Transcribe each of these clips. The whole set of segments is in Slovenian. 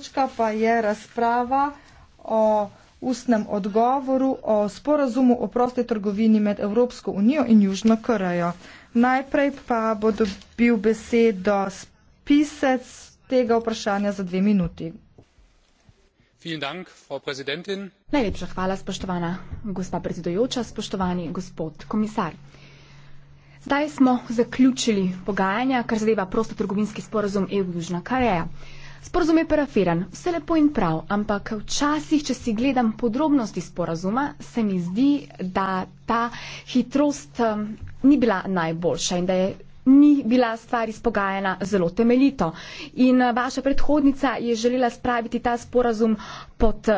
točka pa je razprava o ustnem odgovoru o sporazumu o prosti trgovini med Evropsko unijo in Južno Korejo. Najprej pa bo dobil besedo spisec tega vprašanja za dve minuti. Dank, Najlepša hvala, spoštovana gospa predsedojoča, spoštovani gospod komisar. Zdaj smo zaključili pogajanja, kar zadeva prostotrgovinski sporazum EU-Južna Koreja. Sporazum je parafiran, vse lepo in prav, ampak včasih, če si gledam podrobnosti sporazuma, se mi zdi, da ta hitrost um, ni bila najboljša in da je ni bila stvar izpogajena zelo temeljito. In uh, vaša predhodnica je želela spraviti ta sporazum pod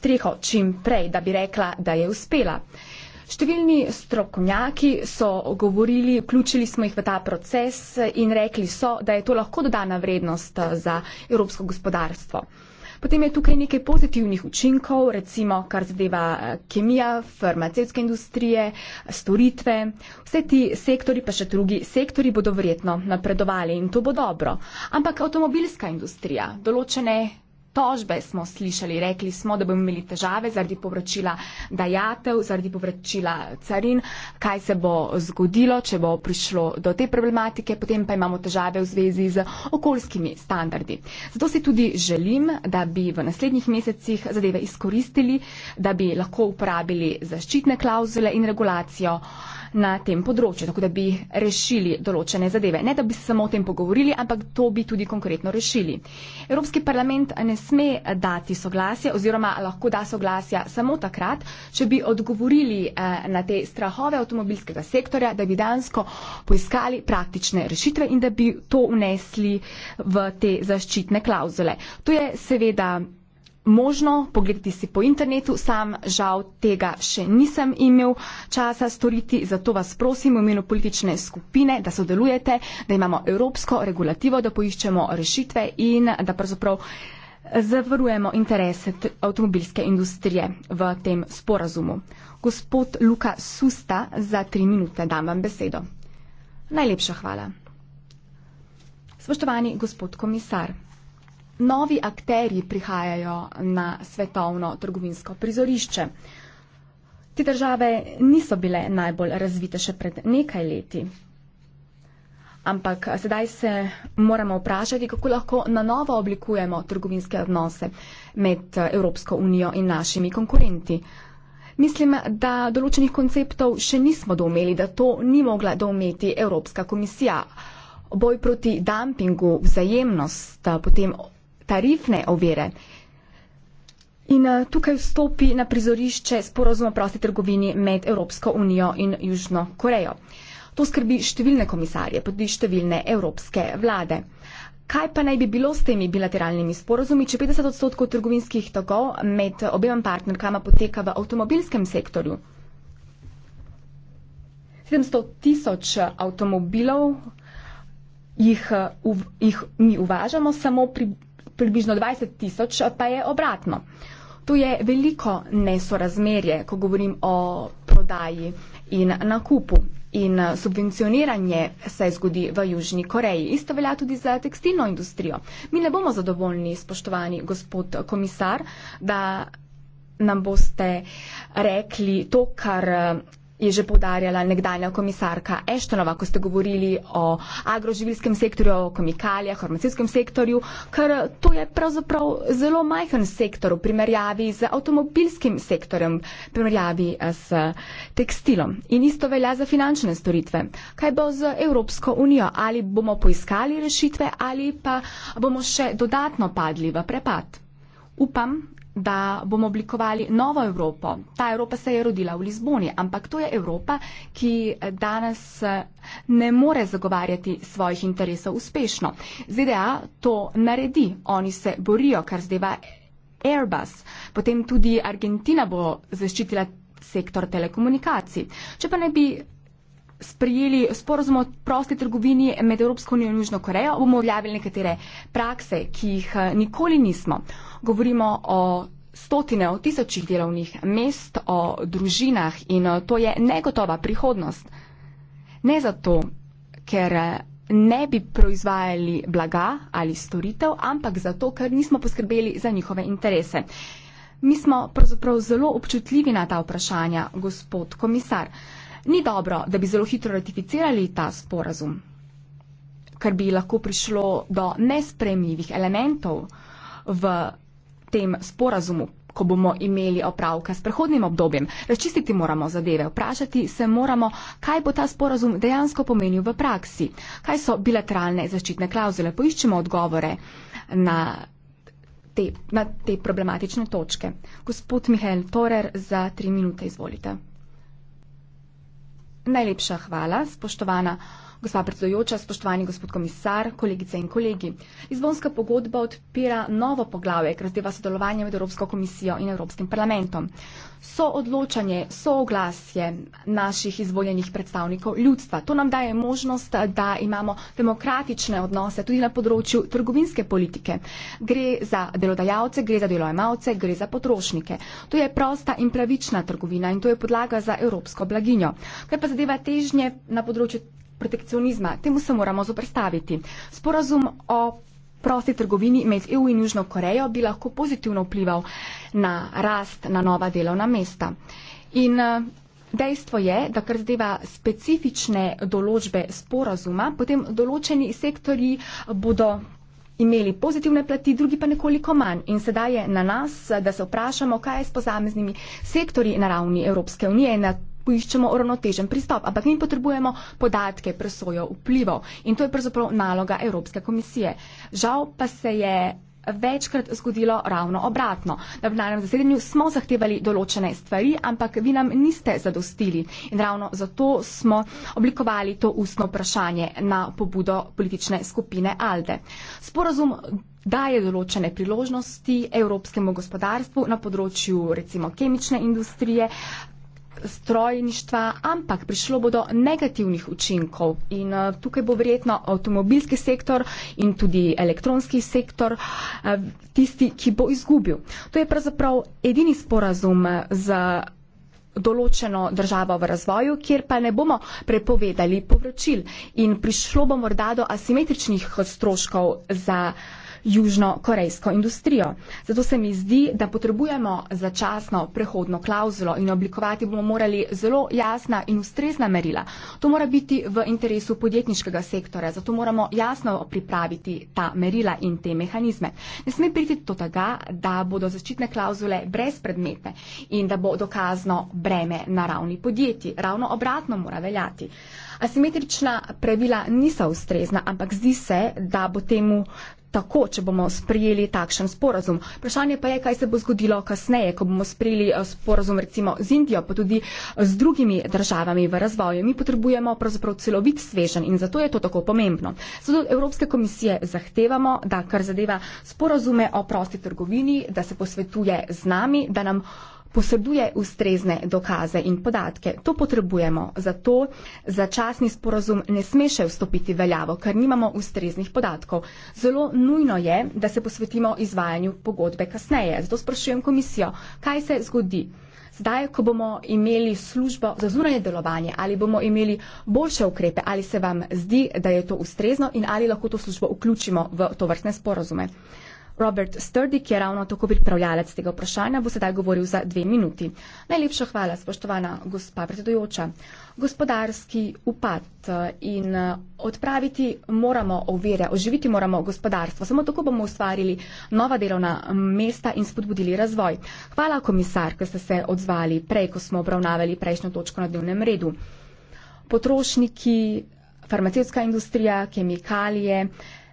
streho čim prej, da bi rekla, da je uspela. Številni strokovnjaki so govorili, vključili smo jih v ta proces in rekli so, da je to lahko dodana vrednost eh, za evropsko gospodarstvo. Potem je tukaj nekaj pozitivnih učinkov, recimo kar zadeva eh, kemija, farmacevske industrije, storitve. Vse ti sektori, pa še drugi sektori, bodo verjetno napredovali in to bo dobro. Ampak avtomobilska industrija, določene tožbe smo slišali, rekli smo, da bomo imeli težave zaradi povračila dajatev, zaradi povračila carin, kaj se bo zgodilo, če bo prišlo do te problematike, potem pa imamo težave v zvezi z okoljskimi standardi. Zato si tudi želim, da bi v naslednjih mesecih zadeve izkoristili, da bi lahko uporabili zaščitne klauzule in regulacijo na tem področju, tako da bi rešili določene zadeve. Ne, da bi se samo o tem pogovorili, ampak to bi tudi konkretno rešili. Evropski parlament ne sme dati soglasja oziroma lahko da soglasja samo takrat, če bi odgovorili eh, na te strahove avtomobilskega sektorja, da bi dansko poiskali praktične rešitve in da bi to unesli v te zaščitne klauzule. To je seveda možno, pogledati si po internetu, sam žal tega še nisem imel časa storiti, zato vas prosim v imenu politične skupine, da sodelujete, da imamo evropsko regulativo, da poiščemo rešitve in da pravzaprav zavarujemo interese avtomobilske industrije v tem sporazumu. Gospod Luka Susta, za tri minute dam vam besedo. Najlepša hvala. Spoštovani gospod komisar, novi akteri prihajajo na svetovno trgovinsko prizorišče. Te države niso bile najbolj razvite še pred nekaj leti. Ampak sedaj se moramo vprašati, kako lahko na novo oblikujemo trgovinske odnose med Evropsko unijo in našimi konkurenti. Mislim, da določenih konceptov še nismo domeli, da to ni mogla dometi Evropska komisija. Boj proti dumpingu, vzajemnost, potem tarifne ovire. In eh, tukaj vstopi na prizorišče sporozum o prosti trgovini med Evropsko unijo in Južno Korejo. To skrbi številne komisarje, tudi številne evropske vlade. Kaj pa naj bi bilo s temi bilateralnimi sporozumi, če 50 odstotkov trgovinskih tokov med obema partnerkama poteka v avtomobilskem sektorju? 700 tisoč eh, avtomobilov jih, eh, uv, jih mi uvažamo, samo pri približno 20 tisoč pa je obratno. Tu je veliko nesorazmerje, ko govorim o prodaji in nakupu. In subvencioniranje se zgodi v Južni Koreji. Isto velja tudi za tekstilno industrijo. Mi ne bomo zadovoljni, spoštovani gospod komisar, da nam boste rekli to, kar je že povdarjala nekdanja komisarka Eštonova, ko ste govorili o agroživilskem sektorju, o komikalijah, farmacijskem sektorju, ker to je pravzaprav zelo majhen sektor v primerjavi z avtomobilskim sektorjem, v primerjavi eh, s tekstilom. In isto velja za finančne storitve. Kaj bo z Evropsko unijo? Ali bomo poiskali rešitve ali pa bomo še dodatno padli v prepad? Upam, da bomo oblikovali novo Evropo. Ta Evropa se je rodila v Lizboni, ampak to je Evropa, ki danes eh, ne more zagovarjati svojih interesov uspešno. ZDA to naredi, oni se borijo, kar zdajva Airbus. Potem tudi Argentina bo zaščitila sektor telekomunikacij. Če pa ne bi sprejeli sporozum o prosti trgovini med Evropsko unijo in Južno Korejo, bomo objavili nekatere prakse, ki jih eh, nikoli nismo. Govorimo o stotine, o tisočih delovnih mest, o družinah in eh, to je negotova prihodnost. Ne zato, ker eh, ne bi proizvajali blaga ali storitev, ampak zato, ker nismo poskrbeli za njihove interese. Mi smo pravzaprav zelo občutljivi na ta vprašanja, gospod komisar ni dobro, da bi zelo hitro ratificirali ta sporazum, ker bi lahko prišlo do nespremljivih elementov v tem sporazumu, ko bomo imeli opravka s prehodnim obdobjem. Razčistiti moramo zadeve, vprašati se moramo, kaj bo ta sporazum dejansko pomenil v praksi, kaj so bilateralne zaščitne klauzule, poiščemo odgovore na. Te, na te problematične točke. Gospod Mihajl Torer, za tri minute izvolite. Najlepša hvala, spoštovana Gospa predsedujoča, spoštovani gospod komisar, kolegice in kolegi. Izbonska pogodba odpira novo poglavje, ki razdeva sodelovanje med Evropsko komisijo in Evropskim parlamentom. So odločanje, so oglasje naših izvoljenih predstavnikov ljudstva. To nam daje možnost, da imamo demokratične odnose tudi na področju trgovinske politike. Gre za delodajalce, gre za delojemalce, gre za potrošnike. To je prosta in pravična trgovina in to je podlaga za evropsko blaginjo. Kaj pa zadeva težnje na področju protekcionizma. Temu se moramo zoprstaviti. Sporazum o prosti trgovini med EU in Južno Korejo bi lahko pozitivno vplival na rast na nova delovna mesta. In eh, dejstvo je, da kar zdeva specifične določbe sporazuma, potem določeni sektori bodo imeli pozitivne plati, drugi pa nekoliko manj. In sedaj je na nas, da se vprašamo, kaj je s posameznimi sektori na ravni Evropske unije. Na poiščemo uravnotežen pristop, ampak mi potrebujemo podatke, presojo vplivov in to je pravzaprav naloga Evropske komisije. Žal pa se je večkrat zgodilo ravno obratno. Na plenarnem zasedanju smo zahtevali določene stvari, ampak vi nam niste zadostili in ravno zato smo oblikovali to ustno vprašanje na pobudo politične skupine Alde. Sporazum daje določene priložnosti evropskemu gospodarstvu na področju recimo kemične industrije, strojništva, ampak prišlo bo do negativnih učinkov in eh, tukaj bo verjetno avtomobilski sektor in tudi elektronski sektor eh, tisti, ki bo izgubil. To je pravzaprav edini sporazum eh, za določeno državo v razvoju, kjer pa ne bomo prepovedali povračil in prišlo bo morda do asimetričnih stroškov za južnokorejsko industrijo. Zato se mi zdi, da potrebujemo začasno prehodno klauzulo in oblikovati bomo morali zelo jasna in ustrezna merila. To mora biti v interesu podjetniškega sektora, zato moramo jasno pripraviti ta merila in te mehanizme. Ne sme priti do tega, da bodo zaščitne klauzule brezpredmetne in da bo dokazno breme na ravni podjetij. Ravno obratno mora veljati. Asimetrična pravila niso ustrezna, ampak zdi se, da bo temu tako, če bomo sprijeli takšen sporazum. Vprašanje pa je, kaj se bo zgodilo kasneje, ko bomo sprijeli eh, sporazum recimo z Indijo, pa tudi eh, z drugimi državami v razvoju. Mi potrebujemo pravzaprav celovit svežen in zato je to tako pomembno. Zato od Evropske komisije zahtevamo, da kar zadeva sporazume o prosti trgovini, da se posvetuje z nami, da nam poseduje ustrezne dokaze in podatke. To potrebujemo, zato začasni sporozum ne sme še vstopiti veljavo, ker nimamo ustreznih podatkov. Zelo nujno je, da se posvetimo izvajanju pogodbe kasneje. Zato sprašujem komisijo, kaj se zgodi. Zdaj, ko bomo imeli službo za zunanje delovanje, ali bomo imeli boljše ukrepe, ali se vam zdi, da je to ustrezno in ali lahko to službo vključimo v to vrstne sporozume. Robert Sturdik je ravno tako pripravljalec tega vprašanja, bo sedaj govoril za dve minuti. Najlepša hvala, spoštovana gospa predsedujoča. Gospodarski upad eh, in eh, odpraviti moramo ovire, oživiti moramo gospodarstvo. Samo tako bomo ustvarili nova delovna mesta in spodbudili razvoj. Hvala, komisar, ker ste se odzvali prej, ko smo obravnavali prejšnjo točko na dnevnem redu. Potrošniki, farmacevska industrija, kemikalije,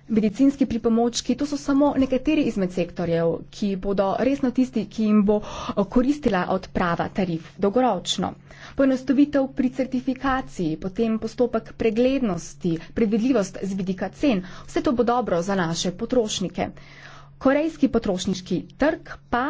medicinski pripomočki, to so samo nekateri izmed sektorjev, ki bodo resno tisti, ki jim bo eh, koristila odprava tarif dolgoročno. Poenostavitev pri certifikaciji, potem postopek preglednosti, predvidljivost z vidika cen, vse to bo dobro za naše potrošnike. Korejski potrošniški trg pa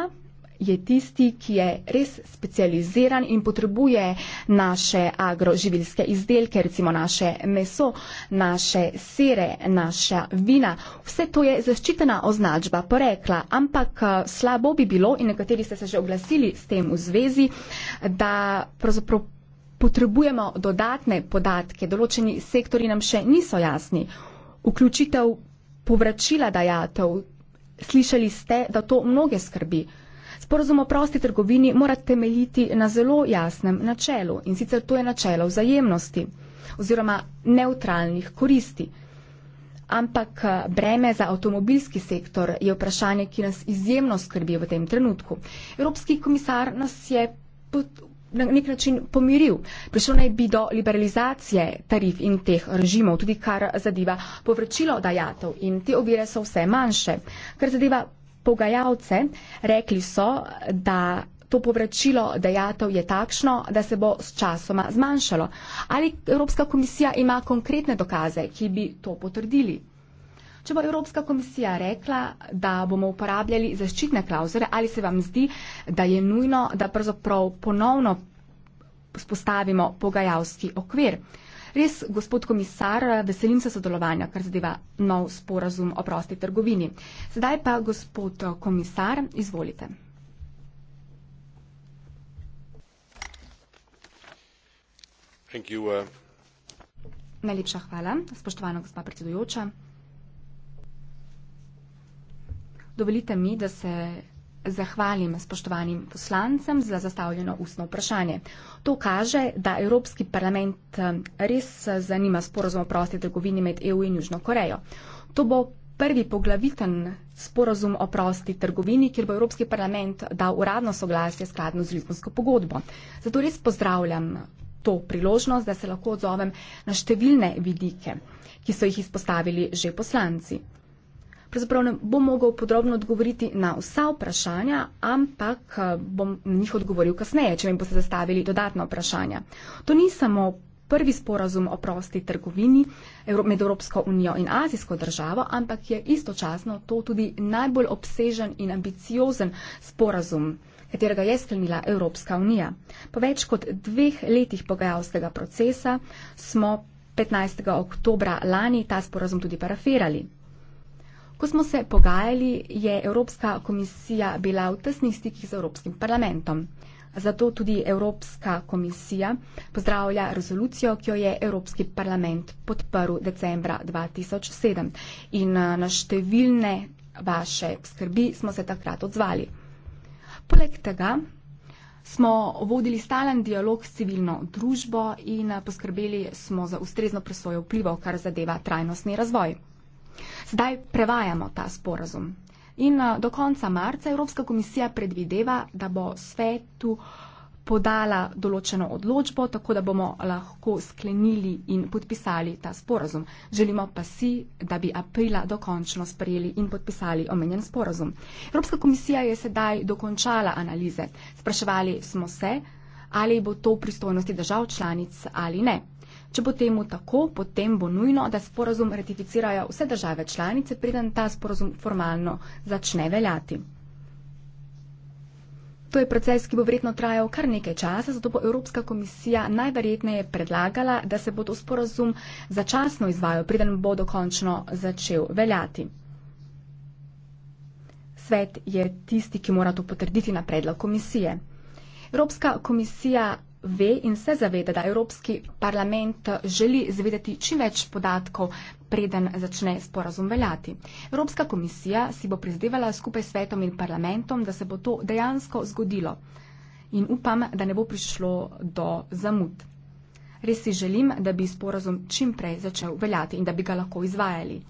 je tisti, ki je res specializiran in potrebuje naše agroživilske izdelke, recimo naše meso, naše sere, naša vina. Vse to je zaščitena označba porekla, ampak eh, slabo bi bilo in nekateri ste se že oglasili s tem v zvezi, da pravzaprav potrebujemo dodatne podatke, določeni sektori nam še niso jasni. Vključitev povračila dajatev, slišali ste, da to mnoge skrbi. Sporozum o prosti trgovini mora temeljiti na zelo jasnem načelu in sicer to je načelo vzajemnosti oziroma neutralnih koristi. Ampak eh, breme za avtomobilski sektor je vprašanje, ki nas izjemno skrbi v tem trenutku. Evropski komisar nas je pot, na nek način pomiril. Prišlo naj bi do liberalizacije tarif in teh režimov, tudi kar zadeva povračilo dajatov in te ovire so vse manjše. Kar zadeva pogajalce, rekli so, da to povračilo dejatev je takšno, da se bo s časoma zmanjšalo. Ali Evropska komisija ima konkretne dokaze, ki bi to potrdili? Če bo Evropska komisija rekla, da bomo uporabljali zaščitne klauzule, ali se vam zdi, da je nujno, da pravzaprav ponovno spostavimo pogajalski okvir? Res, gospod komisar, veselim se sodelovanja, kar zadeva nov sporazum o prosti trgovini. Sedaj pa, gospod komisar, izvolite. Uh, Najlepša hvala, spoštovana gospa predsedujoča. Dovolite mi, da se zahvalim spoštovanim poslancem za zastavljeno ustno vprašanje. To kaže, da Evropski parlament eh, res eh, zanima sporozum o prosti trgovini med EU in Južno Korejo. To bo prvi poglaviten sporozum o prosti trgovini, kjer bo Evropski parlament dal uradno soglasje skladno z Lizbonsko pogodbo. Zato res pozdravljam to priložnost, da se lahko odzovem na številne vidike, ki so jih izpostavili že poslanci pravzaprav ne bom mogel podrobno odgovoriti na vsa vprašanja, ampak eh, bom na njih odgovoril kasneje, če mi boste zastavili dodatna vprašanja. To ni samo prvi sporazum o prosti trgovini med Evropsko unijo in azijsko državo, ampak je istočasno to tudi najbolj obsežen in ambiciozen sporazum katerega je sklenila Evropska unija. Po več kot dveh letih pogajalskega procesa smo 15. oktobra lani ta sporazum tudi parafirali. Ko smo se pogajali, je Evropska komisija bila v tesnih stikih z Evropskim parlamentom. Zato tudi Evropska komisija pozdravlja rezolucijo, ki jo je Evropski parlament podprl decembra 2007. In eh, na številne vaše skrbi smo se takrat odzvali. Poleg tega smo vodili stalen dialog s civilno družbo in eh, poskrbeli smo za ustrezno presojo vplivov, kar zadeva trajnostni razvoj. Zdaj prevajamo ta sporazum. In eh, do konca marca Evropska komisija predvideva, da bo svetu podala določeno odločbo, tako da bomo lahko sklenili in podpisali ta sporazum. Želimo pa si, da bi aprila dokončno sprejeli in podpisali omenjen sporazum. Evropska komisija je sedaj dokončala analize. Spraševali smo se, ali bo to v pristojnosti držav članic ali ne. Če bo temu tako, potem bo nujno, da sporazum ratificirajo vse države članice, preden ta sporazum formalno začne veljati. To je proces, ki bo vredno trajal kar nekaj časa, zato bo Evropska komisija najverjetneje predlagala, da se bo to sporazum začasno izvajal, preden bo dokončno začel veljati. Svet je tisti, ki mora to potrditi na predlog komisije. Evropska komisija ve in se zaveda, da Evropski parlament želi zvedeti čim več podatkov, preden začne sporazum veljati. Evropska komisija si bo prizadevala skupaj s svetom in parlamentom, da se bo to dejansko zgodilo. In upam, da ne bo prišlo do zamud. Res si želim, da bi sporazum čim prej začel veljati in da bi ga lahko izvajali.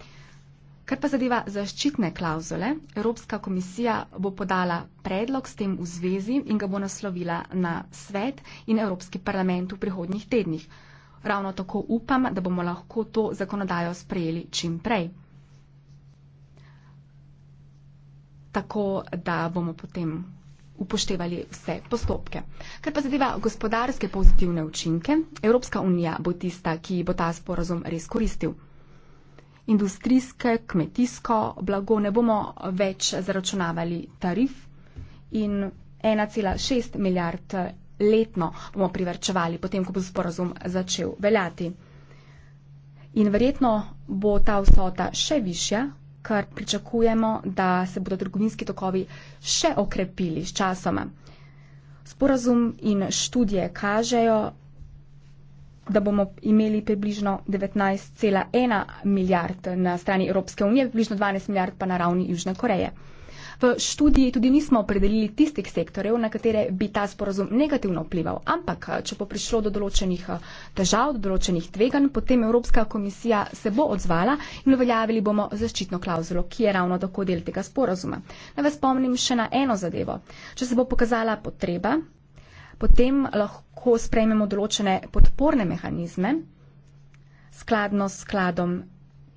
Kar pa zadeva zaščitne klauzule, Evropska komisija bo podala predlog s tem v zvezi in ga bo naslovila na svet in Evropski parlament v prihodnjih tednih. Ravno tako upam, da bomo lahko to zakonodajo sprejeli čim prej. Tako da bomo potem upoštevali vse postopke. Kar pa zadeva gospodarske pozitivne učinke, Evropska unija bo tista, ki bo ta sporazum res koristil industrijske, kmetijsko blago, ne bomo več zaračunavali tarif in 1,6 milijard letno bomo privrčevali, potem ko bo sporozum začel veljati. In verjetno bo ta vsota še višja, kar pričakujemo, da se bodo trgovinski tokovi še okrepili s časom. Sporazum in študije kažejo, da bomo imeli približno 19,1 milijard na strani Evropske unije, približno 12 milijard pa na ravni Južne Koreje. V študiji tudi nismo opredelili tistih sektorjev, na katere bi ta sporozum negativno vplival, ampak če bo prišlo do določenih težav, do določenih tveganj, potem Evropska komisija se bo odzvala in uveljavili bomo zaščitno klauzulo, ki je ravno tako del tega sporozuma. Naj vas spomnim še na eno zadevo. Če se bo pokazala potreba, potem lahko sprejmemo določene podporne mehanizme skladno s skladom,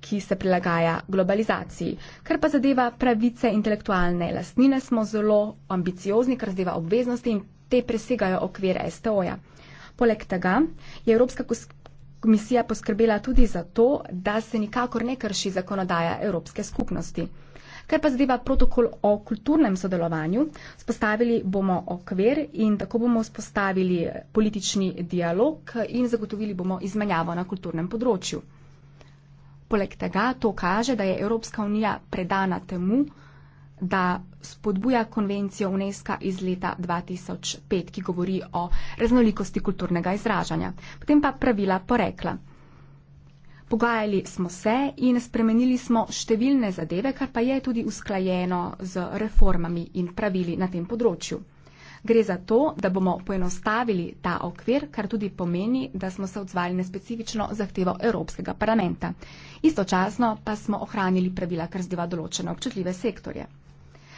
ki se prilagaja globalizaciji. Ker pa zadeva pravice intelektualne lastnine, smo zelo ambiciozni, kar zadeva obveznosti in te presegajo okvir STO-ja. Poleg tega je Evropska komisija poskrbela tudi za to, da se nikakor ne krši zakonodaja Evropske skupnosti. Kar pa zadeva protokol o kulturnem sodelovanju, spostavili bomo okvir in tako bomo spostavili politični dialog in zagotovili bomo izmenjavo na kulturnem področju. Poleg tega to kaže, da je Evropska unija predana temu, da spodbuja konvencijo UNESCO iz leta 2005, ki govori o raznolikosti kulturnega izražanja. Potem pa pravila porekla. Pogajali smo se in spremenili smo številne zadeve, kar pa je tudi usklajeno z reformami in pravili na tem področju. Gre za to, da bomo poenostavili ta okvir, kar tudi pomeni, da smo se odzvali na specifično zahtevo Evropskega parlamenta. Istočasno pa smo ohranili pravila, kar zdiva določene občutljive sektorje.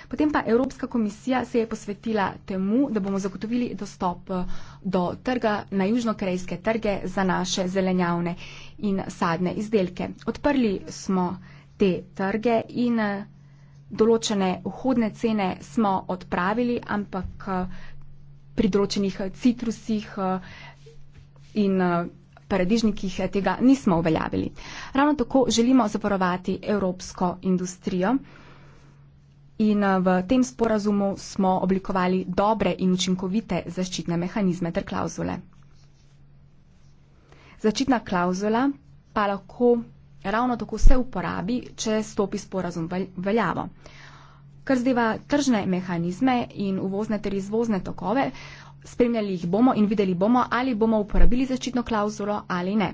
Potem pa Evropska komisija se je posvetila temu, da bomo zagotovili dostop eh, do trga na južnokorejske trge za naše zelenjavne in sadne izdelke. Odprli smo te trge in eh, določene vhodne cene smo odpravili, ampak eh, pri določenih citrusih in paradižnikih tega nismo uveljavili. Ravno tako želimo zaporovati evropsko industrijo. In eh, v tem sporazumu smo oblikovali dobre in učinkovite zaščitne mehanizme ter klauzule. Začitna klauzula pa lahko ravno tako se uporabi, če stopi sporazum veljavo. Kar zdeva tržne mehanizme in uvozne ter izvozne tokove, spremljali jih bomo in videli bomo, ali bomo uporabili zaščitno klauzulo ali ne.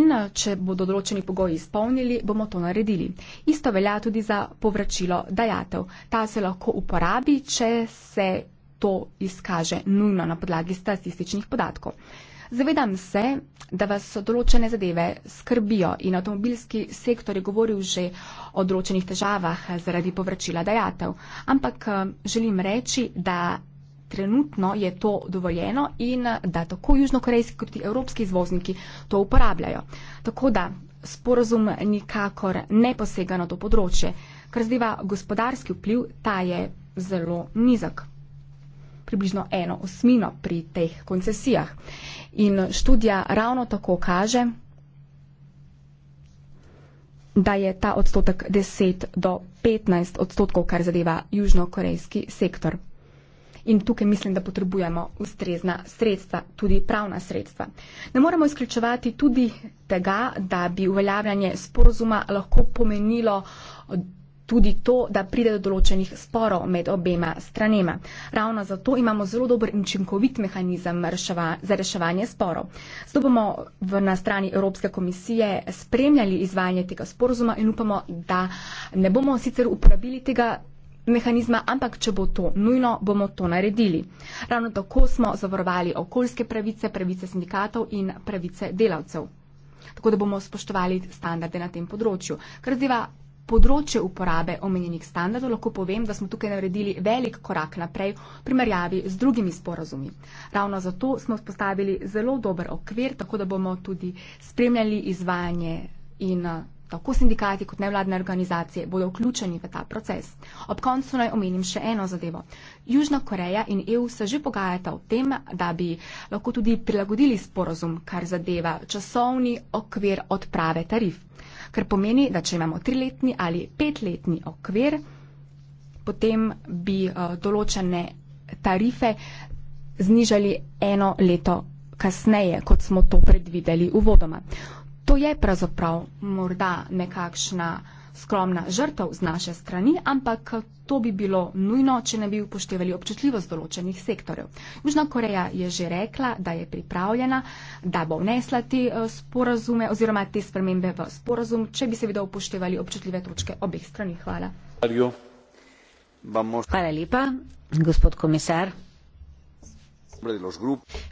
In eh, če bodo določeni pogoji izpolnili, bomo to naredili. Isto velja tudi za povračilo dajatev. Ta se lahko uporabi, če se to izkaže nujno na podlagi statističnih podatkov. Zavedam se, da vas določene zadeve skrbijo in avtomobilski sektor je govoril že o določenih težavah eh, zaradi povračila dajatev, ampak eh, želim reči, da trenutno je to dovoljeno in da tako južnokorejski kot tudi evropski izvozniki to uporabljajo. Tako da sporozum nikakor ne posega na to področje. Kar zdiva gospodarski vpliv, ta je zelo nizak. Približno eno osmino pri teh koncesijah. In študija ravno tako kaže, da je ta odstotek 10 do 15 odstotkov, kar zadeva južnokorejski sektor in tukaj mislim, da potrebujemo ustrezna sredstva, tudi pravna sredstva. Ne moremo izključevati tudi tega, da bi uveljavljanje sporozuma lahko pomenilo tudi to, da pride do določenih sporov med obema stranema. Ravno zato imamo zelo dober in učinkovit mehanizem reševa, za reševanje sporov. Zato bomo v, na strani Evropske komisije spremljali izvajanje tega sporozuma in upamo, da ne bomo sicer uporabili tega mehanizma, ampak če bo to nujno, bomo to naredili. Ravno tako smo zavarovali okoljske pravice, pravice sindikatov in pravice delavcev. Tako da bomo spoštovali standarde na tem področju. Kar zdiva področje uporabe omenjenih standardov, lahko povem, da smo tukaj naredili velik korak naprej v primerjavi z drugimi sporazumi. Ravno zato smo spostavili zelo dober okvir, tako da bomo tudi spremljali izvajanje in tako sindikati kot nevladne organizacije bodo vključeni v ta proces. Ob koncu naj omenim še eno zadevo. Južna Koreja in EU se že pogajata o tem, da bi lahko tudi prilagodili sporozum, kar zadeva časovni okvir odprave tarif. Kar pomeni, da če imamo triletni ali petletni okvir, potem bi eh, določene tarife znižali eno leto kasneje, kot smo to predvideli uvodoma to je pravzaprav morda nekakšna skromna žrtev z naše strani, ampak to bi bilo nujno, če ne bi upoštevali občutljivost določenih sektorjev. Južna Koreja je že rekla, da je pripravljena, da bo vnesla te eh, sporazume oziroma te spremembe v sporazum, če bi seveda upoštevali občutljive točke obeh strani. Hvala. Hvala lepa, gospod komisar.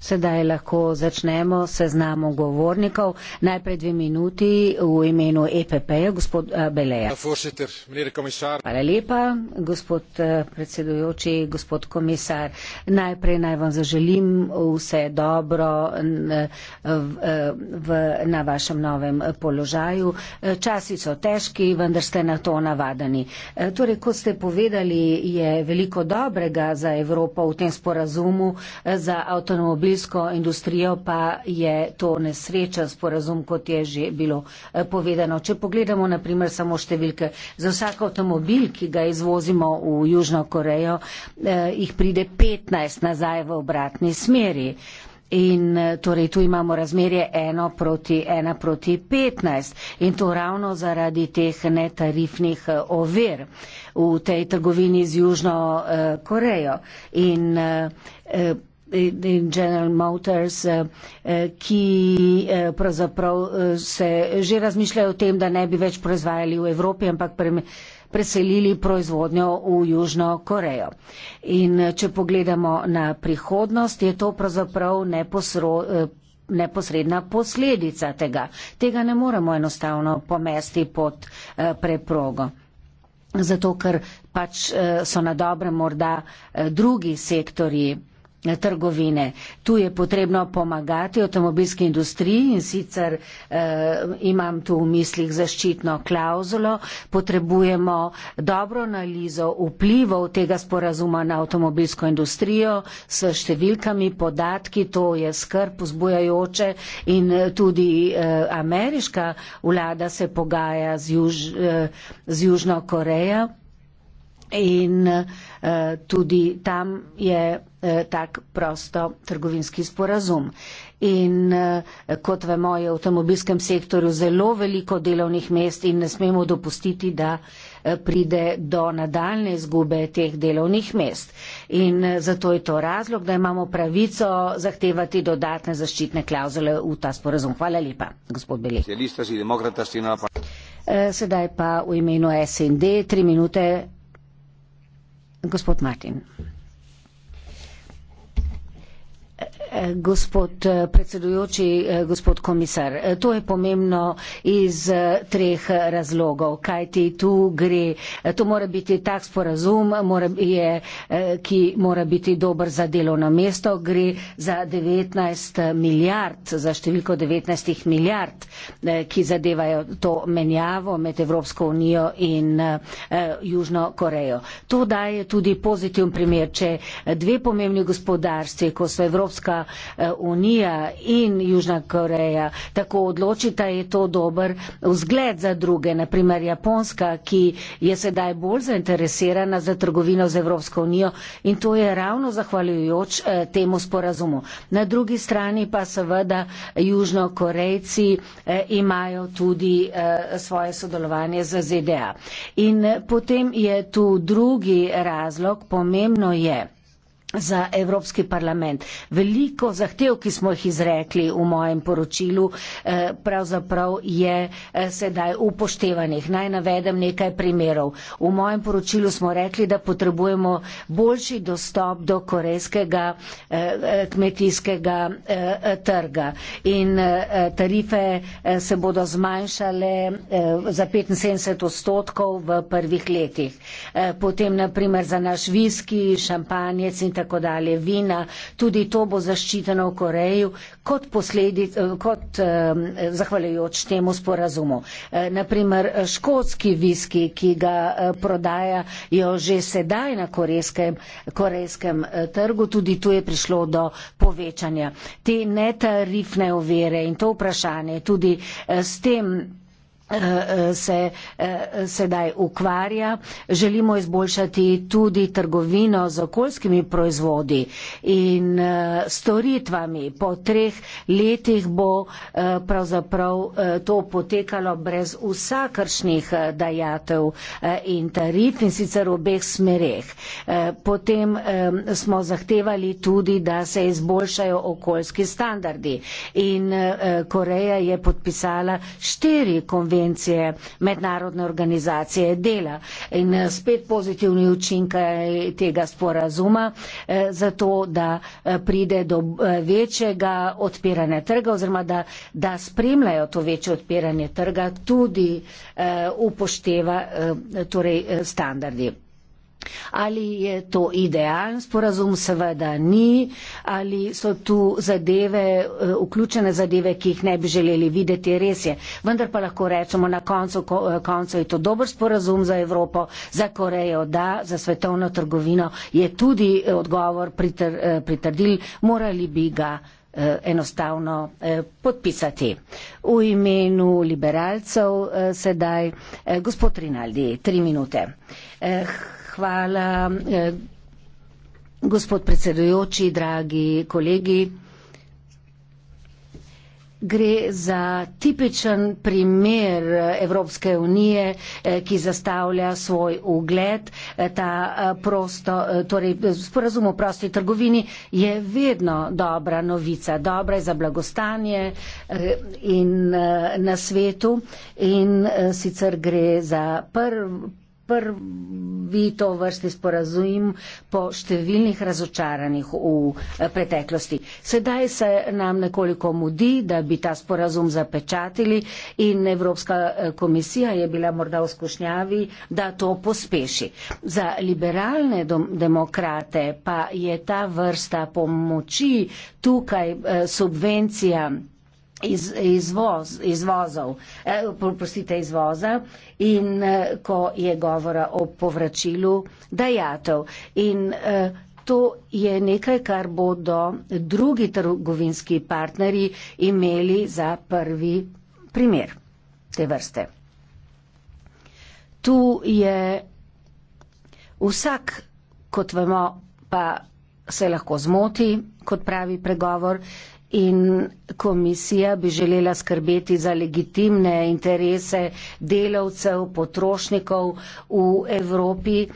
Sedaj lahko začnemo seznamo govornikov. Najprej dve minuti v imenu EPP-ja, gospod eh, Beleja. Hvala lepa, gospod eh, predsedujoči, gospod komisar. Najprej naj vam zaželim vse dobro eh, na vašem novem položaju. Časi so težki, vendar ste na to navadani. Torej, kot ste povedali, je veliko dobrega za Evropo v tem sporazumu za avtomobilsko industrijo pa je to nesrečen sporazum, kot je že bilo eh, povedano. Če pogledamo naprimer samo številke, za vsak avtomobil, ki ga izvozimo v Južno Korejo, eh, jih pride 15 nazaj v obratni smeri. In eh, torej tu imamo razmerje 1 proti 1 proti 15 in to ravno zaradi teh netarifnih eh, ovir v tej trgovini z Južno Korejo. In, eh, in General Motors, eh, eh, ki eh, pravzaprav se že razmišljajo o tem, da ne bi več proizvajali v Evropi, ampak preselili proizvodnjo v Južno Korejo. In če pogledamo na prihodnost, je to pravzaprav neposro neposredna posledica tega. Tega ne moremo enostavno pomesti pod preprogo. Zato, ker pač so na dobre morda drugi sektori trgovine. Tu je potrebno pomagati avtomobilski industriji in sicer eh, imam tu v mislih zaščitno klauzulo. Potrebujemo dobro analizo vplivov tega sporazuma na avtomobilsko industrijo s številkami, podatki, to je skrb vzbujajoče in eh, tudi eh, ameriška vlada se pogaja z, juž, eh, z Južno Korejo in uh, tudi tam je uh, tak prosto trgovinski sporazum. In uh, kot vemo, je v tem obiskem sektorju zelo veliko delovnih mest in ne smemo dopustiti, da pride do nadaljne izgube teh delovnih mest. In zato je to razlog, da imamo pravico zahtevati dodatne zaščitne klauzule v ta sporazum. Hvala lepa, gospod Belek. Sedaj pa v imenu SND tri minute gospod martin. Eh, gospod eh, predsedujoči, eh, gospod komisar, to je pomembno iz treh razlogov, kaj ti tu gre. To mora biti tak sporazum, mora, je, ki mora biti dober za delovno mesto, gre za 19 milijard, za številko 19 milijard, ki zadevajo to menjavo med Evropsko unijo in Južno Korejo. To daje tudi pozitiv primer, če dve pomembni gospodarstvi, ko so Evropska Eh, unija in Južna Koreja tako odločita, je to dober vzgled za druge. Naprimer Japonska, ki je sedaj bolj zainteresirana za trgovino z Evropsko unijo in to je ravno zahvaljujoč eh, temu sporazumu. Na drugi strani pa seveda Južnokorejci eh, imajo tudi svoje sodelovanje z ZDA. In potem je tu drugi razlog, pomembno je, za Evropski parlament. Veliko zahtev, ki smo jih izrekli v mojem poročilu, eh, pravzaprav je eh, sedaj upoštevanih. Naj navedem nekaj primerov. V mojem poročilu smo rekli, da potrebujemo boljši dostop do korejskega eh, kmetijskega trga in tarife se bodo zmanjšale za 75 odstotkov v prvih letih. Potem, naprimer, za naš viski, šampanjec in tako tako dalje, vina, tudi to bo zaščiteno v Koreju kot posledic, eh, kot eh, zahvaljujoč temu sporazumu. Eh, naprimer, eh, škotski viski, ki ga eh, prodajajo že sedaj na korejskem, korejskem eh, trgu, tudi tu je prišlo do povečanja. Te netarifne uvere in to vprašanje tudi eh, s tem, Eh, eh, se eh, sedaj ukvarja. Želimo izboljšati tudi trgovino z okoljskimi proizvodi in storitvami. Po treh letih bo pravzaprav to potekalo brez vsakršnih dajatev in tarif in sicer v obeh smereh. Potem smo zahtevali tudi, da se izboljšajo okoljski standardi in Koreja je podpisala štiri konvencije konvencije, mednarodne organizacije dela in eh, spet pozitivni učinke tega sporazuma, eh, zato da eh, pride do večjega odpiranja trga oziroma da, da spremljajo to večje odpiranje trga tudi upošteva torej, standardi. Ali je to idealen sporazum, seveda ni, ali so tu zadeve, eh, vključene zadeve, ki jih ne bi želeli videti, res je. Vendar pa lahko rečemo, na koncu, eh, koncu je to dober sporazum za Evropo, za Korejo, da za svetovno trgovino je tudi eh, odgovor pritr, pritrdil, morali bi ga enostavno podpisati. V imenu liberalcev sedaj, gospod Rinaldi, tri minute. Eh, Hvala, eh, gospod predsedujoči, dragi kolegi. Gre za tipičen primer Evropske unije, eh, ki zastavlja svoj ugled. Eh, ta prosto, torej sporazum o prosti trgovini je vedno dobra novica. Dobra je za blagostanje in na svetu in sicer gre za prvo prvi to vrsti sporazum po številnih razočaranih v eh, preteklosti. Sedaj se nam nekoliko mudi, da bi ta sporazum zapečatili in Evropska eh, komisija je bila morda v skušnjavi, da to pospeši. Za liberalne demokrate pa je ta vrsta pomoči tukaj eh, subvencija iz, izvoz, izvozov, e, oprostite, izvoza in e, ko je govora o povračilu dajatev. In e, to je nekaj, kar bodo drugi trgovinski partnerji imeli za prvi primer te vrste. Tu je vsak, kot vemo, pa se lahko zmoti, kot pravi pregovor, eh, in komisija bi želela skrbeti za legitimne interese delavcev, potrošnikov v Evropi.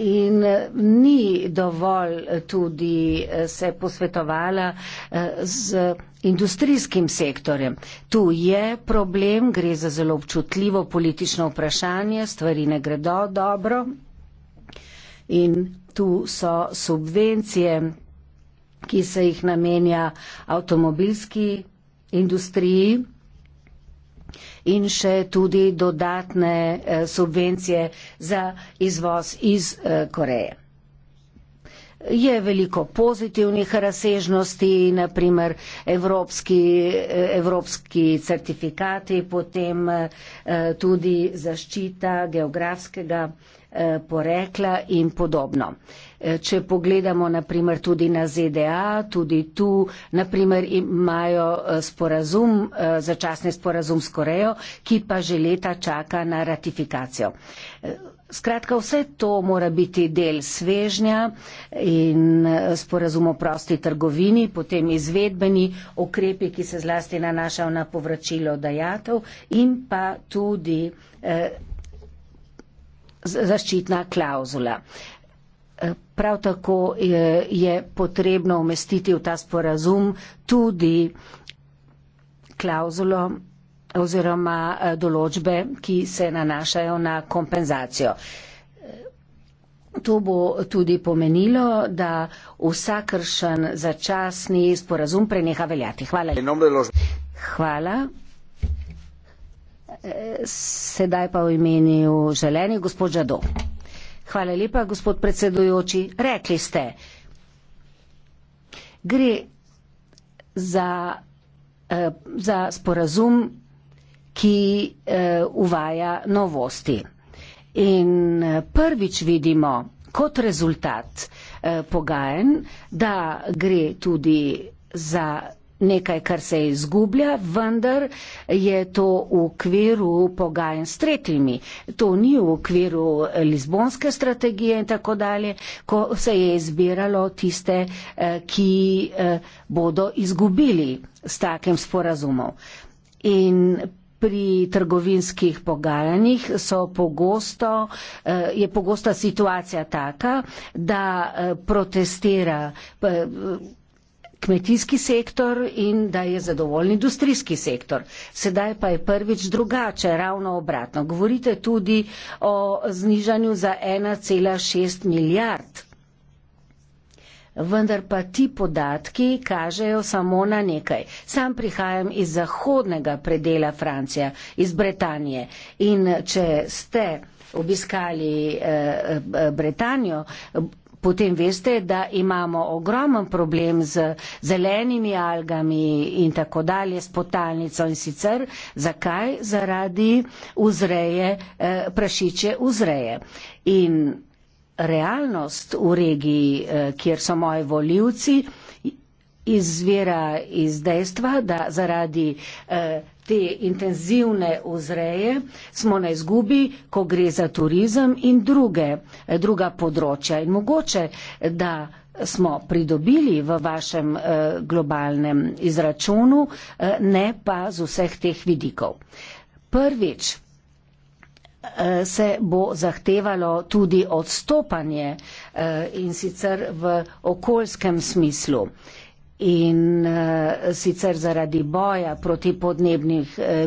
In eh, ni dovolj tudi eh, se posvetovala eh, z industrijskim sektorjem. Tu je problem, gre za zelo občutljivo politično vprašanje, stvari ne gredo dobro. In tu so subvencije ki se jih namenja avtomobilski industriji in še tudi dodatne eh, subvencije za izvoz iz eh, Koreje. Je veliko pozitivnih razsežnosti, naprimer evropski, eh, evropski certifikati, potem tudi zaščita geografskega porekla in podobno. Eh, če pogledamo naprimer tudi na ZDA, tudi tu naprimer imajo eh, sporazum, eh, začasne sporazum s Korejo, ki pa že leta čaka na ratifikacijo. Skratka, vse to mora biti del svežnja in sporazum o prosti trgovini, potem izvedbeni okrepi, ki se zlasti nanašajo na povračilo dajatev in pa tudi eh, zaščitna klauzula. Eh, Prav tako je potrebno umestiti v ta sporazum tudi klauzulo oziroma eh, določbe, ki se nanašajo na kompenzacijo. To bo tudi pomenilo, da vsakršen začasni sporazum preneha veljati. Hvala. Hvala. Eh, sedaj pa v imenu želeni gospod Žado. Hvala lepa, gospod predsedujoči. Rekli ste, gre za, eh, za sporazum, ki eh, uvaja novosti. In eh, prvič vidimo kot rezultat eh, pogajen, da gre tudi za nekaj, kar se izgublja, vendar je to v okviru pogajanj s tretjimi. To ni v okviru Lizbonske strategije in tako dalje, ko se je izbiralo tiste, eh, ki eh, bodo izgubili s takim sporazumom. In pri trgovinskih pogajanjih pogosto, eh, je pogosta situacija taka, da protestira kmetijski sektor in da je zadovoljni industrijski sektor. Sedaj pa je prvič drugače, ravno obratno. Govorite tudi o znižanju za 1,6 milijard. Vendar pa ti podatki kažejo samo na nekaj. Sam prihajam iz zahodnega predela Francije, iz Britanije. In če ste obiskali eh, eh Britanijo, potem veste, da imamo ogromen problem z zelenimi algami in tako dalje, s potalnico in sicer zakaj? Zaradi uzreje, eh, prašiče uzreje. In realnost v regiji, eh, kjer so moji voljivci, izvira iz dejstva, da zaradi eh, te intenzivne vzreje smo na izgubi, ko gre za turizem in druge, druga področja. In mogoče, da smo pridobili v vašem eh, globalnem izračunu, eh, ne pa z vseh teh vidikov. Prvič eh, se bo zahtevalo tudi odstopanje in sicer v okoljskem smislu in uh, sicer zaradi boja proti, uh,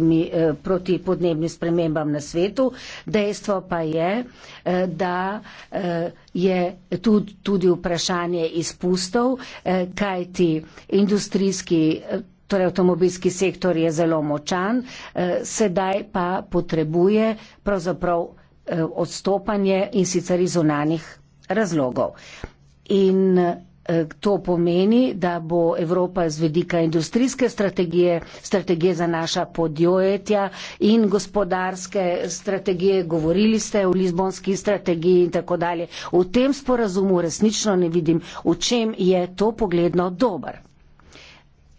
mi, uh, proti podnebnim spremembam na svetu. Dejstvo pa je, uh, da uh, je tudi, tudi vprašanje izpustov, uh, kaj ti industrijski. Uh, Torej, avtomobilski sektor je zelo močan, eh, sedaj pa potrebuje pravzaprav eh, odstopanje in sicer iz zunanih razlogov. In eh, Eh, to pomeni, da bo Evropa z vedika industrijske strategije, strategije za naša podjojetja in gospodarske strategije, govorili ste o Lizbonski strategiji in tako dalje. V tem sporazumu resnično ne vidim, v čem je to pogledno dober.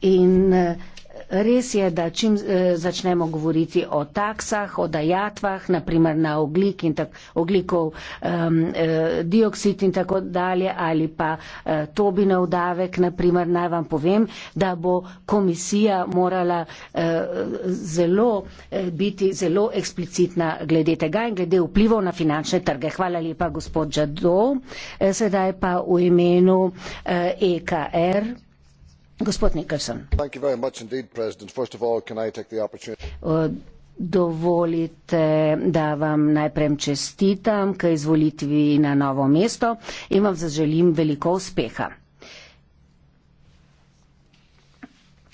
In, uh, res je, da čim eh, začnemo govoriti o taksah, o dajatvah, naprimer na oglik in tak, oglikov eh, dioksid in tako dalje, ali pa eh, tobinov davek, naprimer naj vam povem, da bo komisija morala eh, zelo, eh, biti zelo eksplicitna glede tega in glede vplivov na finančne trge. Hvala lepa, gospod Džado. Eh, sedaj pa v imenu eh, EKR. Dovolite, da vam najprej čestitam k izvolitvi na novo mesto in vam zaželim veliko uspeha.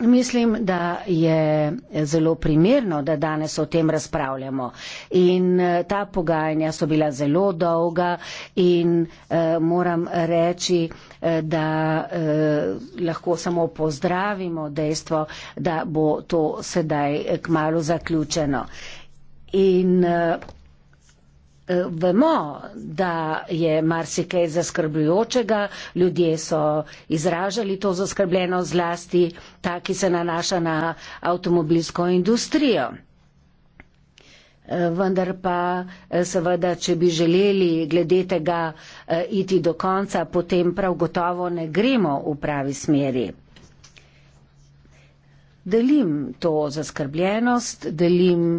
Mislim, da je zelo primerno, da danes o tem razpravljamo. In eh, ta pogajanja so bila zelo dolga in eh, moram reči, eh, da eh, lahko samo pozdravimo dejstvo, da bo to sedaj kmalo zaključeno. In, eh, Eh, vemo, da je marsikaj zaskrbljujočega, ljudje so izražali to zaskrbljeno zlasti, ta, ki se nanaša na avtomobilsko industrijo. Eh, vendar pa eh, seveda, če bi želeli glede tega iti do konca, potem prav gotovo ne gremo v pravi smeri. Delim to zaskrbljenost, delim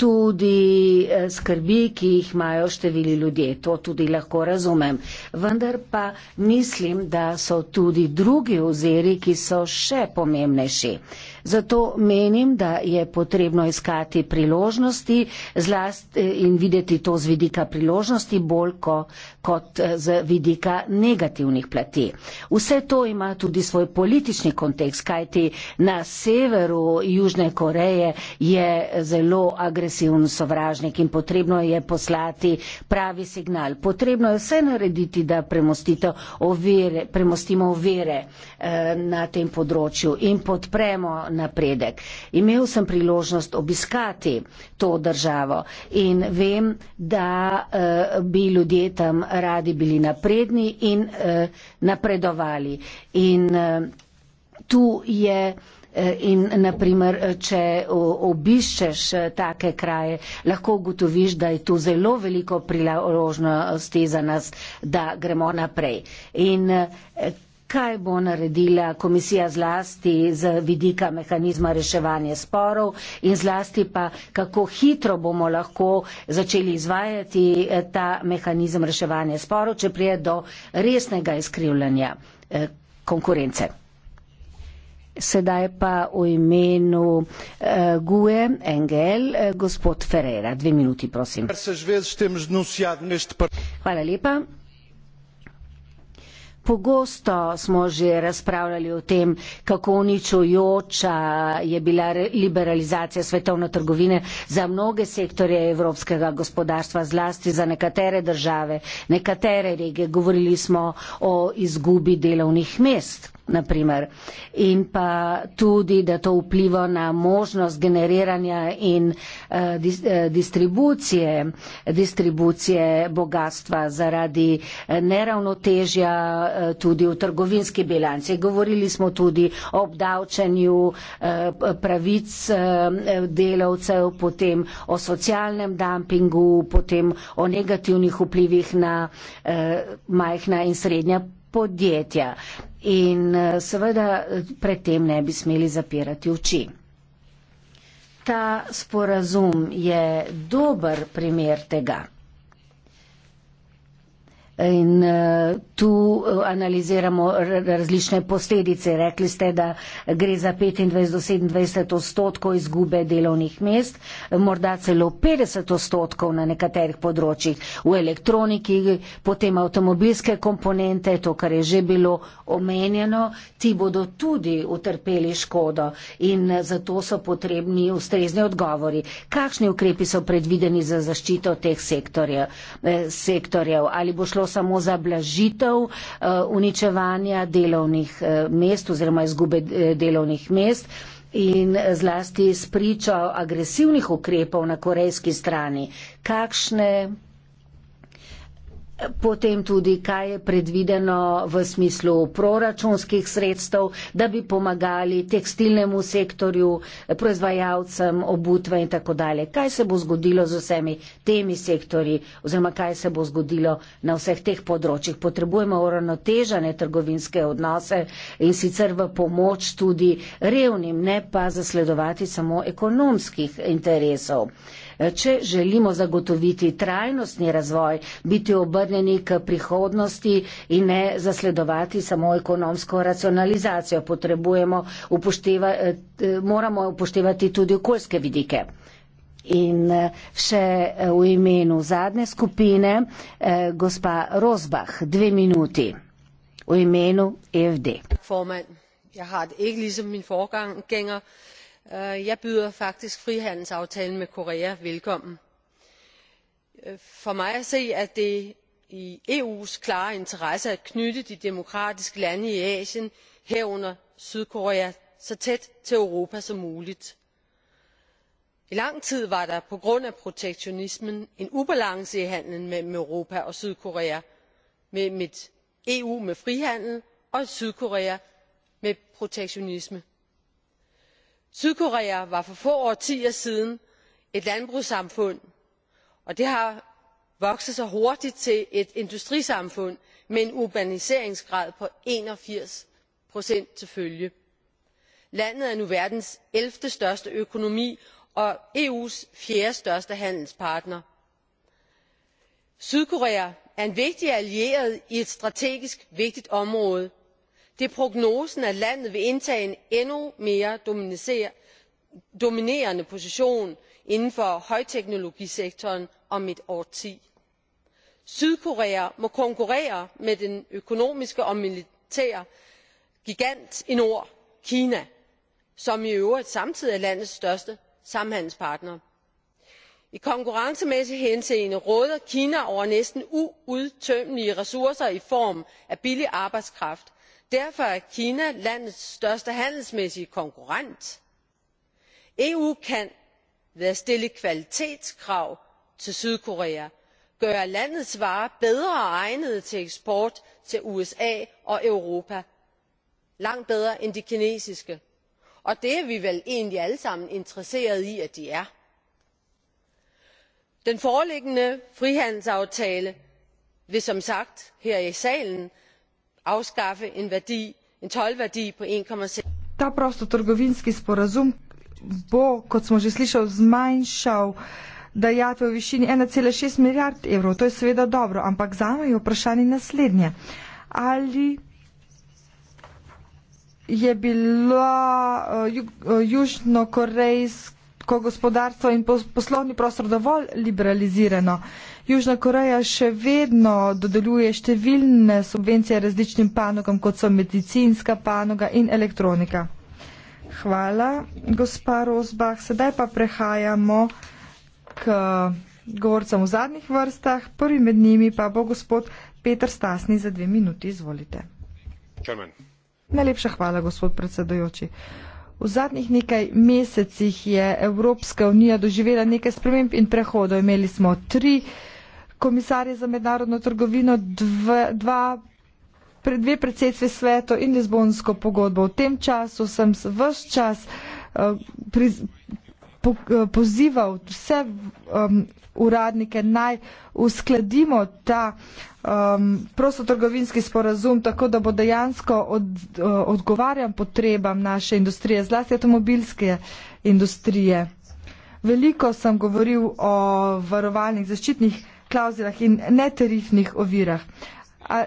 tudi eh, skrbi, ki jih imajo števili ljudje. To tudi lahko razumem. Vendar pa mislim, da so tudi drugi oziri, ki so še pomembnejši. Zato menim, da je potrebno iskati priložnosti eh, in videti to z vidika priložnosti bolj ko, kot eh, z vidika negativnih plati. Vse to ima tudi svoj politični kontekst, kajti na severu Južne Koreje je zelo agresivn sovražnik in potrebno je poslati pravi signal. Potrebno je vse narediti, da ovire, premostimo ovire eh, na tem področju in podpremo napredek. Imel sem priložnost obiskati to državo in vem, da eh, bi ljudje tam radi bili napredni in eh, napredovali. In eh, tu je. In naprimer, če obiščeš take kraje, lahko ugotoviš, da je tu zelo veliko priložnosti za nas, da gremo naprej. In kaj bo naredila komisija zlasti z vidika mehanizma reševanja sporov in zlasti pa, kako hitro bomo lahko začeli izvajati eh, ta mehanizem reševanja sporov, če prije do resnega izkrivljanja eh, konkurence. Sedaj pa v imenu uh, GUE, NGL, uh, gospod Ferreira. Dve minuti, prosim. Hvala lepa. Pogosto smo že razpravljali o tem, kako uničujoča je bila liberalizacija svetovne trgovine za mnoge sektorje evropskega gospodarstva, zlasti za nekatere države, nekatere regije. Govorili smo o izgubi delovnih mest naprimer. In pa tudi, da to vpliva na možnost generiranja in uh, dis, uh, distribucije, distribucije bogatstva zaradi eh, neravnotežja uh, tudi v trgovinski bilanci. Govorili smo tudi o obdavčanju uh, pravic uh, delavcev, potem o socialnem dumpingu, potem o negativnih vplivih na uh, majhna in srednja podjetja in eh, seveda predtem ne bi smeli zapirati oči. Ta sporazum je dober primer tega. In uh, tu eh, analiziramo različne posledice. Rekli ste, da gre za 25 do 27 odstotkov izgube delovnih mest, morda celo 50 odstotkov na nekaterih področjih. V elektroniki, potem avtomobilske komponente, to, kar je že bilo omenjeno, ti bodo tudi utrpeli škodo in eh, zato so potrebni ustrezni odgovori. Kakšni ukrepi so predvideni za zaščito teh sektorjev? Eh, sektorjev? samo za blažitev eh, uničevanja delovnih eh, mest oziroma izgube eh, delovnih mest in zlasti spričo agresivnih ukrepov na korejski strani. Kakšne potem tudi, kaj je predvideno v smislu proračunskih sredstev, da bi pomagali tekstilnemu sektorju, proizvajalcem, obutve in tako dalje. Kaj se bo zgodilo z vsemi temi sektorji oziroma kaj se bo zgodilo na vseh teh področjih. Potrebujemo uravnotežene trgovinske odnose in sicer v pomoč tudi revnim, ne pa zasledovati samo ekonomskih interesov. Če želimo zagotoviti trajnostni razvoj, biti obrnjeni k prihodnosti in ne zasledovati samo ekonomsko racionalizacijo, upošteva, eh, moramo upoštevati tudi okoljske vidike. In eh, še eh, v imenu zadnje skupine, gospa Rozbah, dve minuti v imenu EFD. Format. Jeg har det ikke ligesom min forgang gænger. Øh, jeg byder faktisk frihandelsaftalen med korea velkommen øh, for mig at se er det i eus klare interesse at knytte de demokratiske lande i asien herunder sydkorea så tæt til europa som muligt i lang tid var der på grund af protektionismen en ubalance i handelen mellem europa og sydkorea mellem et eu med frihandel og et sydkorea med protektionisme sydkorea var for få årtier siden et landbrugssamfund og det har vokset sig hurtigt til et industrisamfund med en urbaniseringsgrad på en og firs procent til følge landet er nu verdens ellevtestørste økonomi og eus fjerdestørste handelspartner sydkorea er en vigtig allieret i et strategisk vigtigt område det er prognosen at landet vil indtage en endnu mere dominerende dominerende position inden for højteknologisektoren om et årti sydkorea må konkurrere med den økonomiske og militære gigant i nord kina som i øvrigt samtidig er landets største samhandelspartner i konkurrencemæssig henseende råder kina over næsten uudtømmelige ressourcer i form af billig arbejdskraft derfor er kina landets største handelsmæssige konkurrent eu kan ved at stille kvalitetskrav til sydkorea gøre landets varer bedre egnede til eksport til usa og europa langt bedre end de kinesiske og det er vi vel egentlig alle sammen interesseret i at de er den foreliggende frihandelsaftale vil som sagt her i salen afskaffe en værdi, en tolvværdi på 1,6. Ta prostotrgovinski sporazum bo, kot smo že slišal, zmanjšal dajatve v višini 1,6 milijard evrov. To je seveda dobro, ampak za me je vprašanje naslednje. Ali je bila uh, ju, uh, južnokorejska ko gospodarstvo in poslovni prostor dovolj liberalizirano. Južna Koreja še vedno dodeljuje številne subvencije različnim panogam, kot so medicinska panoga in elektronika. Hvala, gospa Rozbah. Sedaj pa prehajamo k govorcem v zadnjih vrstah. Prvi med njimi pa bo gospod Peter Stasni za dve minuti. Izvolite. Najlepša hvala, gospod predsedojoči. Uh, V zadnjih nekaj mesecih je Evropska unija doživela nekaj sprememb in prehodov. Imeli smo tri komisarje za mednarodno trgovino, dve, dva, dve predsedstve sveto in lizbonsko pogodbo. V tem času sem vse čas uh, pri, po, eh, pozival vse um, uradnike naj uskladimo ta um, prostotrgovinski sporazum tako, da bo dejansko od, eh, odgovarjan potrebam naše industrije, zlasti avtomobilske industrije. Veliko sem govoril o varovalnih zaščitnih klauzulah in netarifnih ovirah. A,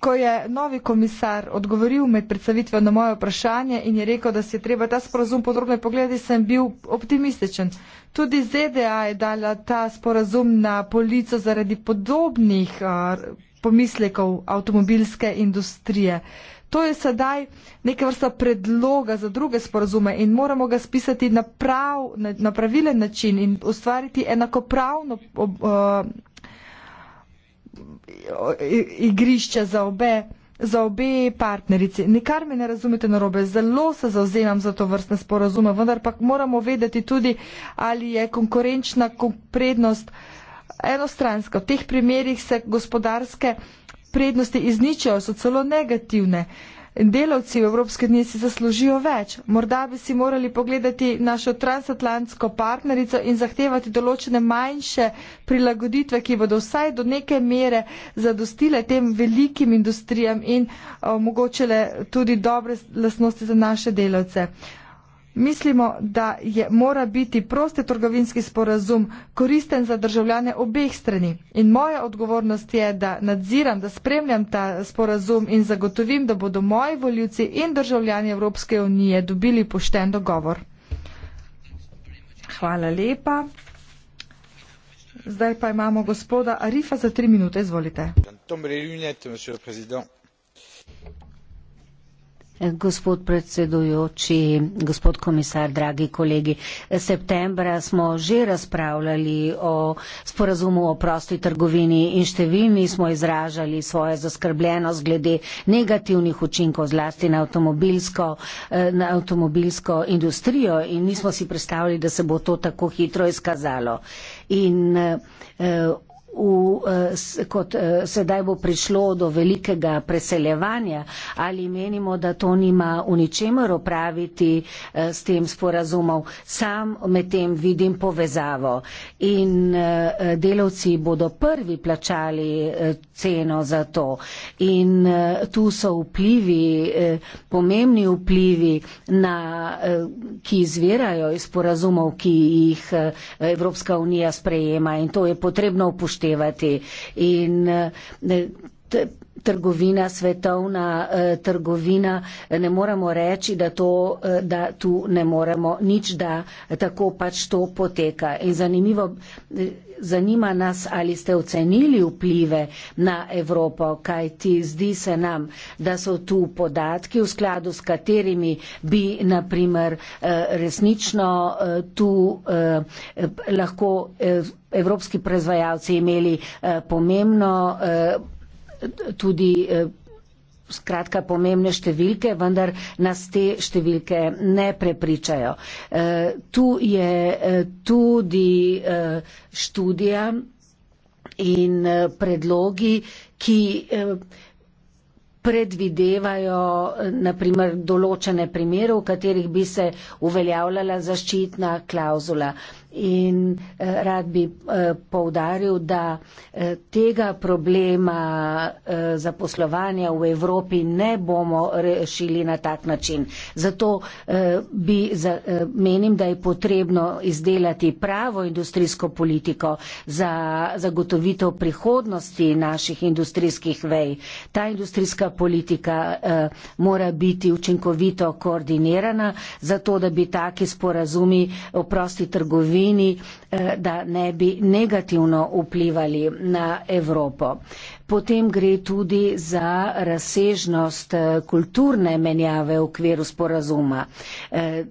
Ko je novi komisar odgovoril med predstavitvijo na moje vprašanje in je rekel, da se je treba ta sporazum podrobno pogledati, sem bil optimističen. Tudi ZDA je dala ta sporazum na polico zaradi podobnih a, pomislekov avtomobilske industrije. To je sedaj neka vrsta predloga za druge sporazume in moramo ga spisati na, prav, na, na pravilen način in ustvariti enakopravno. Ob, ob, igrišča za obe, za obe partnerici. Nikar me ne razumete narobe, zelo se zauzemam za to vrstne sporazume, vendar pa moramo vedeti tudi, ali je konkurenčna prednost enostranska. V teh primerjih se gospodarske prednosti izničajo, so celo negativne. Uh, Delavci v Evropski uniji si zaslužijo več. Morda bi si morali pogledati našo transatlantsko partnerico in zahtevati določene manjše prilagoditve, ki bodo vsaj do neke mere zadostile tem velikim industrijam in eh, omogočile tudi dobre lasnosti za naše delavce. Mislimo, da je mora biti prosti trgovinski sporazum koristen za državljane obeh strani. In moja odgovornost je, da nadziram, da spremljam ta sporazum in zagotovim, da bodo moji voljivci in državljani Evropske unije dobili pošten dogovor. Hvala lepa. Zdaj pa imamo gospoda Arifa za tri minute. Izvolite. Gospod predsedujoči, gospod komisar, dragi kolegi, septembra smo že razpravljali o sporazumu o prosti trgovini in številni smo izražali svojo zaskrbljenost glede negativnih učinkov zlasti na avtomobilsko, eh, na avtomobilsko industrijo in nismo si predstavljali, da se bo to tako hitro izkazalo. In eh, v, eh, kot eh, sedaj bo prišlo do velikega preseljevanja, ali menimo, da to nima v ničemer opraviti eh, s tem sporazumom. Sam med tem vidim povezavo in delavci bodo prvi plačali ceno za to. In tu so vplivi, pomembni vplivi, na, ki izvirajo iz sporazumov, ki jih Evropska unija sprejema in to je potrebno upoštevati upoštevati. In eh, trgovina, svetovna eh, trgovina, eh, ne moremo reči, da, to, da tu ne moremo nič, da tako pač to poteka. In zanimivo, zanima nas, ali ste ocenili vplive na Evropo, kaj ti zdi se nam, da so tu podatki, v skladu s katerimi bi, naprimer, eh, resnično eh, tu eh, lahko evropski proizvajalci imeli pomembno tudi skratka pomembne številke, vendar nas te številke ne prepričajo. Eh, tu je eh, tudi eh, študija in predlogi, ki predvidevajo naprimer določene primere, v katerih bi se uveljavljala zaščitna klauzula. In eh, rad bi eh, povdaril, da eh, tega problema eh, zaposlovanja v Evropi ne bomo rešili na tak način. Zato eh, bi, za, eh, menim, da je potrebno izdelati pravo industrijsko politiko za zagotovitev prihodnosti naših industrijskih vej. Ta industrijska politika eh, mora biti učinkovito koordinirana, zato da bi taki sporazumi oprosti trgovin, Sloveniji, eh, da ne bi negativno vplivali na Evropo. Potem gre tudi za razsežnost eh, kulturne menjave v okviru sporazuma. Eh,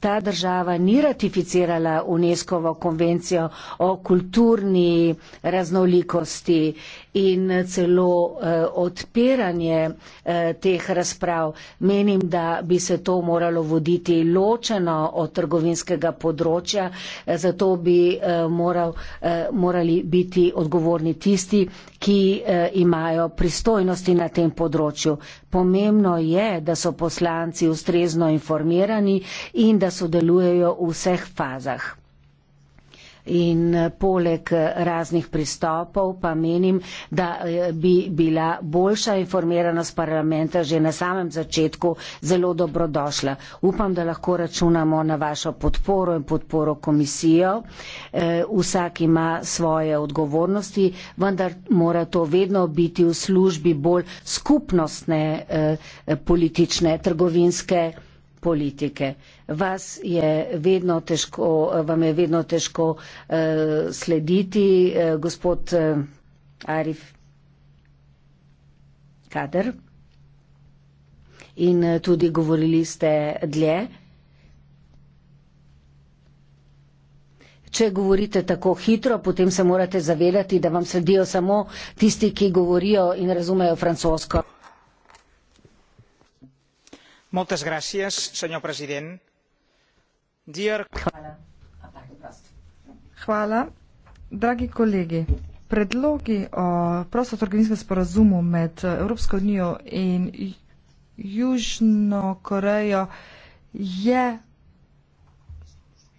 ta država ni ratificirala UNESCO-vo konvencijo o kulturni raznolikosti in celo eh, odpiranje eh, teh razprav. Menim, da bi se to moralo voditi ločeno od trgovinskega področja, eh, zato bi eh, moral, eh, morali biti odgovorni tisti, ki eh, imajo pristojnosti na tem področju. Pomembno je, da so poslanci ustrezno informirani in da sodelujejo v vseh fazah. In eh, poleg eh, raznih pristopov pa menim, da eh, bi bila boljša informiranost parlamenta že na samem začetku zelo dobrodošla. Upam, da lahko računamo na vašo podporo in podporo komisijo. Vsak ima svoje odgovornosti, vendar mora to vedno biti v službi bolj skupnostne politične trgovinske politike. Vas je vedno težko, vam je vedno težko uh, slediti, uh, gospod uh, Arif Kader. In uh, tudi govorili ste dlje. Če govorite tako hitro, potem se morate zavedati, da vam sledijo samo tisti, ki govorijo in razumejo francosko señor presidente dragi kolegi predlogi o prostotrgovinskem sporazumu med evropsko unijo in južno korejo je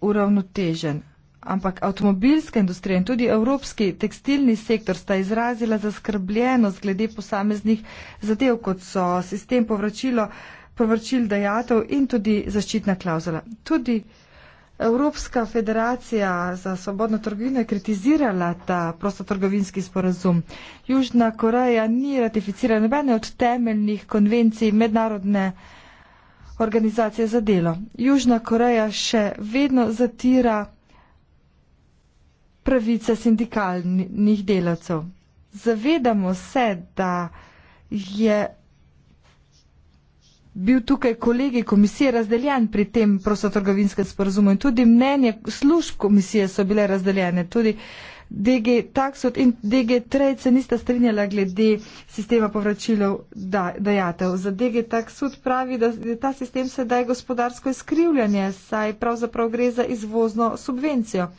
uravnotežen ampak avtomobilska industrija in tudi evropski tekstilni sektor sta izrazila zaskrbljenost glede posameznih zadev kot so sistem povračilo povrčil dejatov in tudi zaščitna klauzula. Tudi Evropska federacija za svobodno trgovino je kritizirala ta prostotrgovinski sporazum. Južna Koreja ni ratificirala nobene od temeljnih konvencij mednarodne organizacije za delo. Južna Koreja še vedno zatira pravice sindikalnih delavcev. Zavedamo se, da je bil tukaj kolegi komisije razdeljen pri tem prostotrgovinskem sporazumu in tudi mnenje služb komisije so bile razdeljene. Tudi DG Taksot in DG Trade se nista strinjala glede sistema povračilov dajatev. Za DG Taksot pravi, da je ta sistem sedaj gospodarsko izkrivljanje, saj pravzaprav gre za izvozno subvencijo.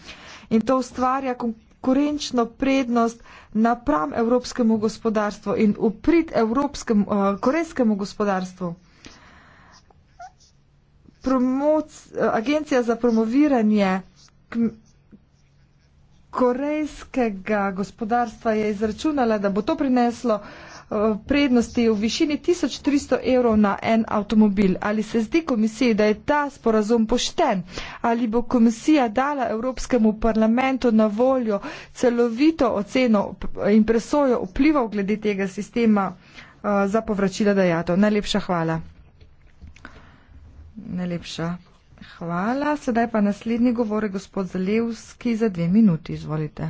In to ustvarja konkurenčno prednost napram evropskemu gospodarstvu in uprit evropskem, eh, korejskemu gospodarstvu promoc, agencija za promoviranje korejskega gospodarstva je izračunala, da bo to prineslo eh, prednosti v višini 1300 evrov na en avtomobil. Ali se zdi komisiji, da je ta sporazum pošten? Ali bo komisija dala Evropskemu parlamentu na voljo celovito oceno in presojo vplivov glede tega sistema eh, za povračila dajatov? Najlepša hvala. Najlepša hvala. Sedaj pa naslednji govori gospod Zalevski za dve minuti. Izvolite.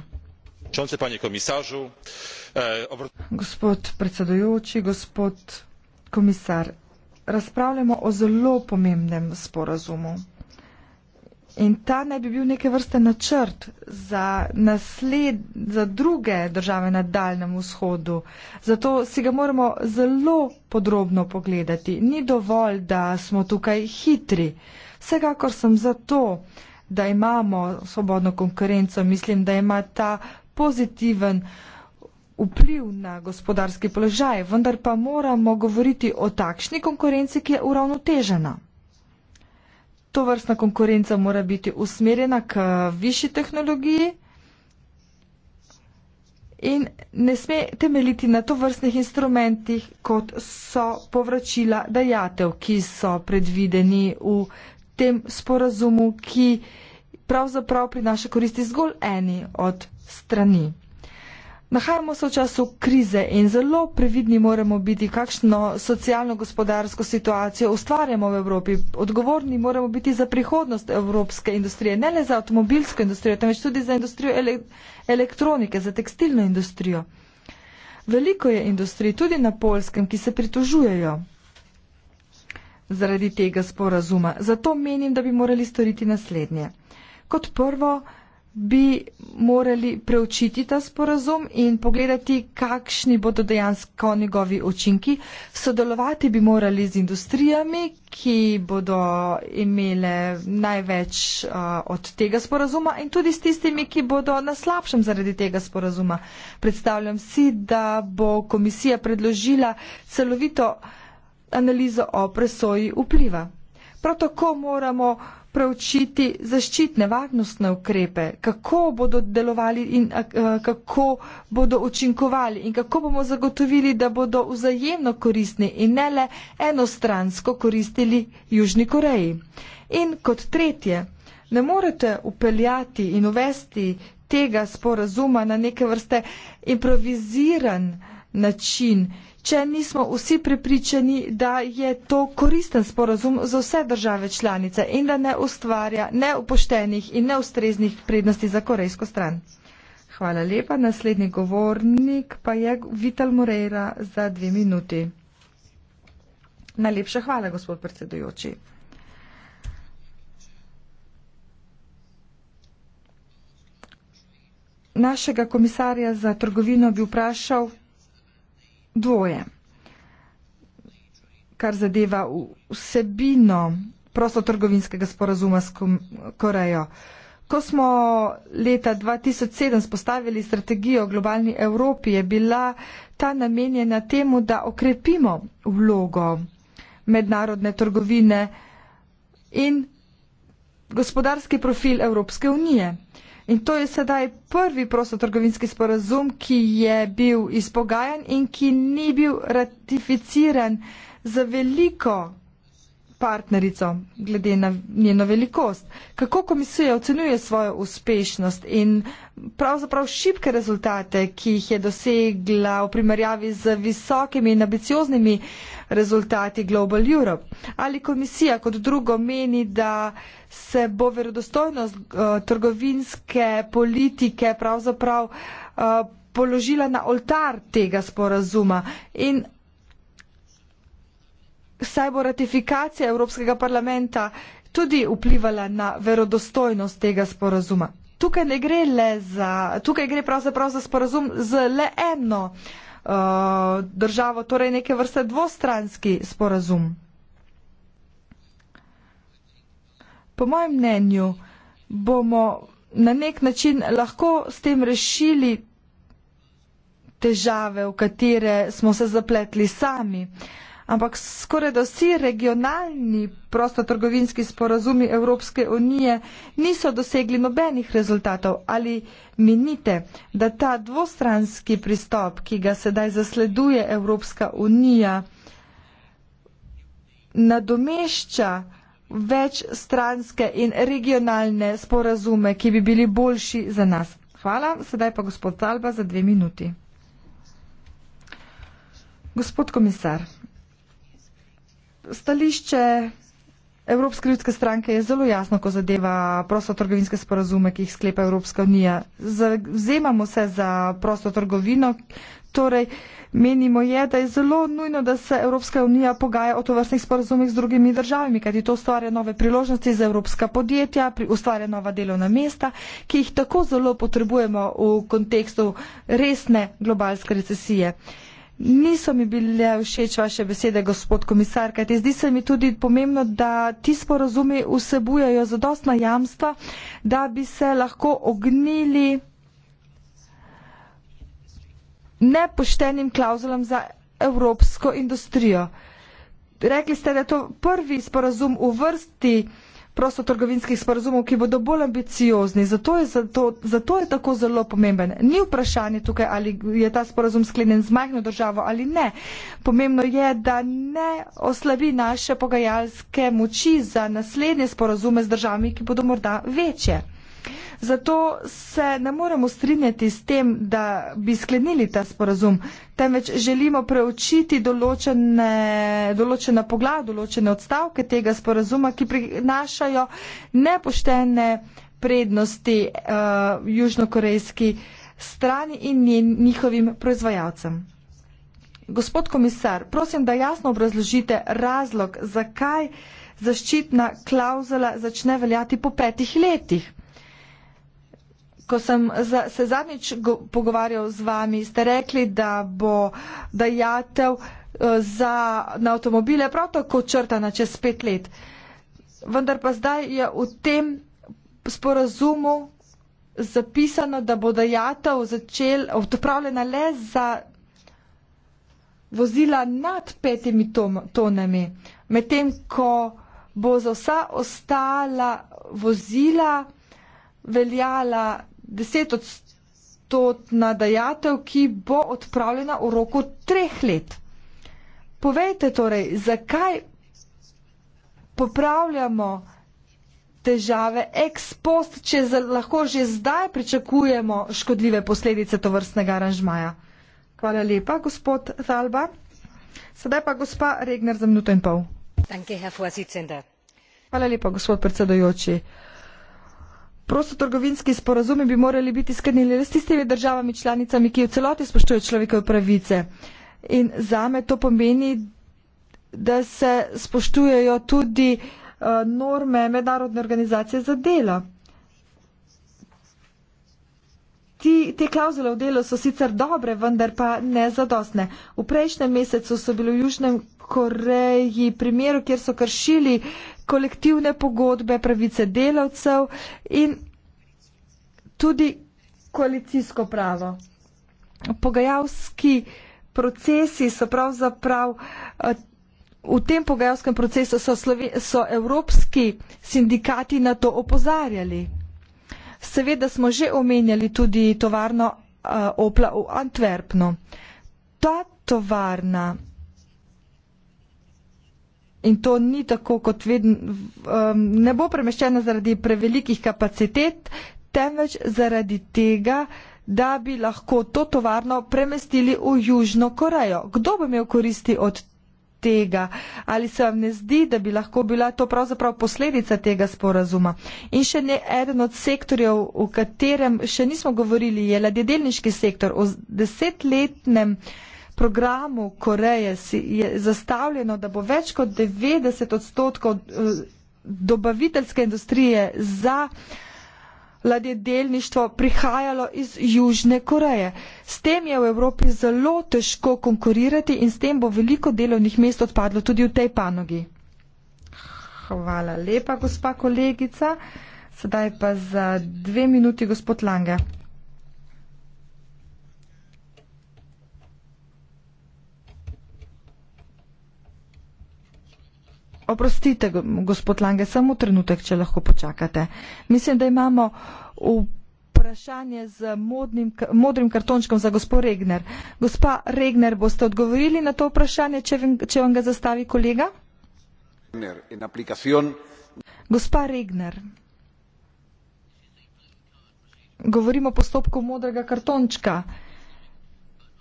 Eh, gospod predsedujoči, gospod komisar, razpravljamo o zelo pomembnem sporazumu. In ta naj bi bil neke vrste načrt za, nasled, za druge države na Daljnem vzhodu. Zato si ga moramo zelo podrobno pogledati. Ni dovolj, da smo tukaj hitri. Vsekakor sem za to, da imamo svobodno konkurenco. Mislim, da ima ta pozitiven vpliv na gospodarski položaj, vendar pa moramo govoriti o takšni konkurenci, ki je uravnotežena to vrstna konkurenca mora biti usmerjena k višji tehnologiji in ne sme temeljiti na to vrstnih instrumentih, kot so povračila dajatev, ki so predvideni v tem sporazumu, ki pravzaprav prinaša koristi zgolj eni od strani. Nahajamo se v času krize in zelo previdni moramo biti, kakšno socialno-gospodarsko situacijo ustvarjamo v Evropi. Odgovorni moramo biti za prihodnost evropske industrije, ne le za avtomobilsko industrijo, temveč tudi za industrijo ele elektronike, za tekstilno industrijo. Veliko je industrij, tudi na polskem, ki se pritožujejo zaradi tega sporazuma. Zato menim, da bi morali storiti naslednje. Kot prvo, bi morali preučiti ta sporazum in pogledati, kakšni bodo dejansko njegovi učinki. Sodelovati bi morali z industrijami, ki bodo imele največ uh, od tega sporazuma in tudi s tistimi, ki bodo na slabšem zaradi tega sporazuma. Predstavljam si, da bo komisija predložila celovito analizo o presoji vpliva. Prav tako moramo preučiti zaščitne varnostne ukrepe, kako bodo delovali in eh, kako bodo učinkovali in kako bomo zagotovili, da bodo vzajemno koristni in ne le enostransko koristili Južni Koreji. In kot tretje, ne morete upeljati in uvesti tega sporazuma na neke vrste improviziran način, če nismo vsi prepričani, da je to koristen sporazum za vse države članice in da ne ustvarja neupoštenih in neustreznih prednosti za korejsko stran. Hvala lepa. Naslednji govornik pa je Vital Moreira za dve minuti. Najlepša hvala, gospod predsedujoči. Našega komisarja za trgovino bi vprašal, dvoje. Kar zadeva vsebino prostotrgovinskega sporazuma s Korejo. Ko smo leta 2007 spostavili strategijo globalni Evropi, je bila ta namenjena temu, da okrepimo vlogo mednarodne trgovine in gospodarski profil Evropske unije. In to je sedaj prvi prostotrgovinski sporazum, ki je bil izpogajan in ki ni bil ratificiran za veliko partnerico, glede na njeno velikost. Kako komisija ocenjuje svojo uspešnost in pravzaprav šibke rezultate, ki jih je dosegla v primerjavi z visokimi in ambicioznimi rezultati Global Europe? Ali komisija kot drugo meni, da se bo verodostojnost uh, trgovinske politike pravzaprav. Uh, položila na oltar tega sporazuma in saj bo ratifikacija Evropskega parlamenta tudi vplivala na verodostojnost tega sporazuma. Tukaj ne gre le za, tukaj gre pravzaprav za sporazum z le eno uh, državo, torej neke vrste dvostranski sporazum. Po mojem mnenju bomo na nek način lahko s tem rešili težave, v katere smo se zapletli sami. Uh, ampak skoraj da vsi regionalni prostotrgovinski sporazumi Evropske unije niso dosegli nobenih rezultatov. Ali menite, da ta dvostranski pristop, ki ga sedaj zasleduje Evropska unija, nadomešča več stranske in regionalne sporazume, ki bi bili boljši za nas? Hvala, sedaj pa gospod Talba za dve minuti. Gospod komisar stališče Evropske ljudske stranke je zelo jasno, ko zadeva prostotrgovinske sporazume, ki jih sklepa Evropska unija. Zavzemamo se za prostotrgovino, torej menimo je, da je zelo nujno, da se Evropska unija pogaja o tovrstnih sporazumih z drugimi državami, kajti to ustvarja nove priložnosti za evropska podjetja, ustvarja nova delovna mesta, ki jih tako zelo potrebujemo v kontekstu resne globalske recesije. Niso mi bile všeč vaše besede, gospod komisar, kajte zdi se mi tudi pomembno, da ti sporozumi vsebujajo zadostna jamstva, da bi se lahko ognili nepoštenim klauzulam za evropsko industrijo. Rekli ste, da je to prvi sporozum v vrsti prostotrgovinskih sporazumov, ki bodo bolj ambiciozni. Zato je, zato, zato je tako zelo pomemben. Ni vprašanje tukaj, ali je ta sporazum sklenjen z majhno državo ali ne. Pomembno je, da ne oslabi naše pogajalske moči za naslednje sporazume z državami, ki bodo morda večje. Zato se ne moremo strinjati s tem, da bi sklenili ta sporazum, temveč želimo preučiti določene, določena poglada, določene odstavke tega sporazuma, ki prinašajo nepoštene prednosti uh, južnokorejski strani in njihovim proizvajalcem. Gospod komisar, prosim, da jasno obrazložite razlog, zakaj zaščitna klauzula začne veljati po petih letih. Ko sem za, se zadnjič pogovarjal z vami, ste rekli, da bo dajatev eh, za, na avtomobile prav tako črtana čez pet let. Vendar pa zdaj je v tem sporazumu zapisano, da bo dajatev odpravljena le za vozila nad petimi tonami, medtem ko bo za vsa ostala vozila veljala deset odstotna dajatev, ki bo odpravljena v roku treh let. Povejte torej, zakaj popravljamo težave ex post, če lahko že zdaj pričakujemo škodljive posledice tovrstnega aranžmaja. Hvala lepa, gospod Zalba. Sedaj pa gospa Regner za minuto in pol. Hvala lepa, gospod predsedojoči prostotrgovinski sporazumi bi morali biti sklenjeni s tistimi državami članicami, ki v celoti spoštujejo človekove pravice. In za me to pomeni, da se spoštujejo tudi uh, norme mednarodne organizacije za delo. Ti, te klauzule v delu so sicer dobre, vendar pa ne zadostne. V prejšnjem mesecu so bili v Južnem Koreji primeru, kjer so kršili kolektivne pogodbe, pravice delavcev in tudi koalicijsko pravo. Pogajalski procesi so pravzaprav. Eh, v tem pogajalskem procesu so, Slove, so evropski sindikati na to opozarjali. Seveda smo že omenjali tudi tovarno uh, Opla v Antwerpnu. Ta tovarna in to ni tako, kot vedno, um, ne bo premeščena zaradi prevelikih kapacitet, temveč zaradi tega, da bi lahko to tovarno premestili v Južno Korejo. Kdo bi imel koristi od tega? Ali se vam ne zdi, da bi lahko bila to pravzaprav posledica tega sporazuma? In še ne eden od sektorjev, o katerem še nismo govorili, je ladjedelniški sektor. O desetletnem programu Koreje je zastavljeno, da bo več kot 90 odstotkov eh, dobaviteljske industrije za ladjedelništvo prihajalo iz Južne Koreje. S tem je v Evropi zelo težko konkurirati in s tem bo veliko delovnih mest odpadlo tudi v tej panogi. Hvala lepa, gospa kolegica. Sedaj pa za dve minuti, gospod Lange. Oprostite, gospod Lange, samo trenutek, če lahko počakate. Mislim, da imamo vprašanje z modnim, modrim kartončkom za gospod Regner. Gospa Regner, boste odgovorili na to vprašanje, če, vem, če vam ga zastavi kolega? Gospa Regner, govorimo o postopku modrega kartončka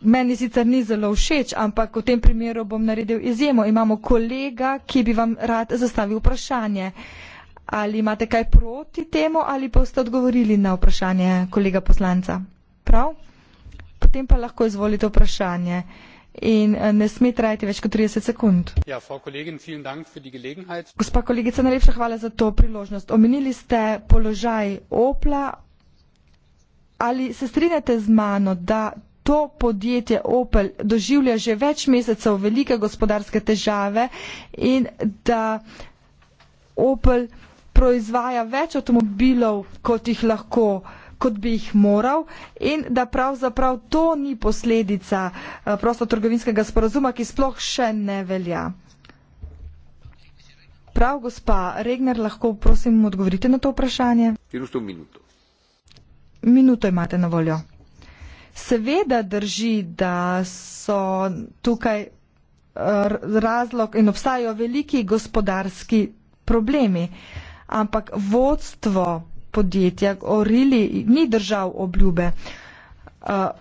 meni sicer ni zelo všeč, ampak v tem primeru bom naredil izjemo. Imamo kolega, ki bi vam rad zastavil vprašanje. Ali imate kaj proti temu ali pa ste odgovorili na vprašanje kolega poslanca? Prav? Potem pa lahko izvolite vprašanje in eh, ne sme trajati več kot 30 sekund. Ja, kolegin, dank für die Gospa kolegica, najlepša hvala za to priložnost. Omenili ste položaj Opla. Ali se strinjate z mano, da to podjetje Opel doživlja že več mesecev velike gospodarske težave in da Opel proizvaja več avtomobilov, kot jih lahko, kot bi jih moral in da pravzaprav to ni posledica eh, prostotrgovinskega sporazuma, ki sploh še ne velja. Prav, gospa Regner, lahko prosim odgovorite na to vprašanje? Minuto imate na voljo. Seveda drži, da so tukaj razlog in obstajajo veliki gospodarski problemi, ampak vodstvo podjetja Orili ni držal obljube.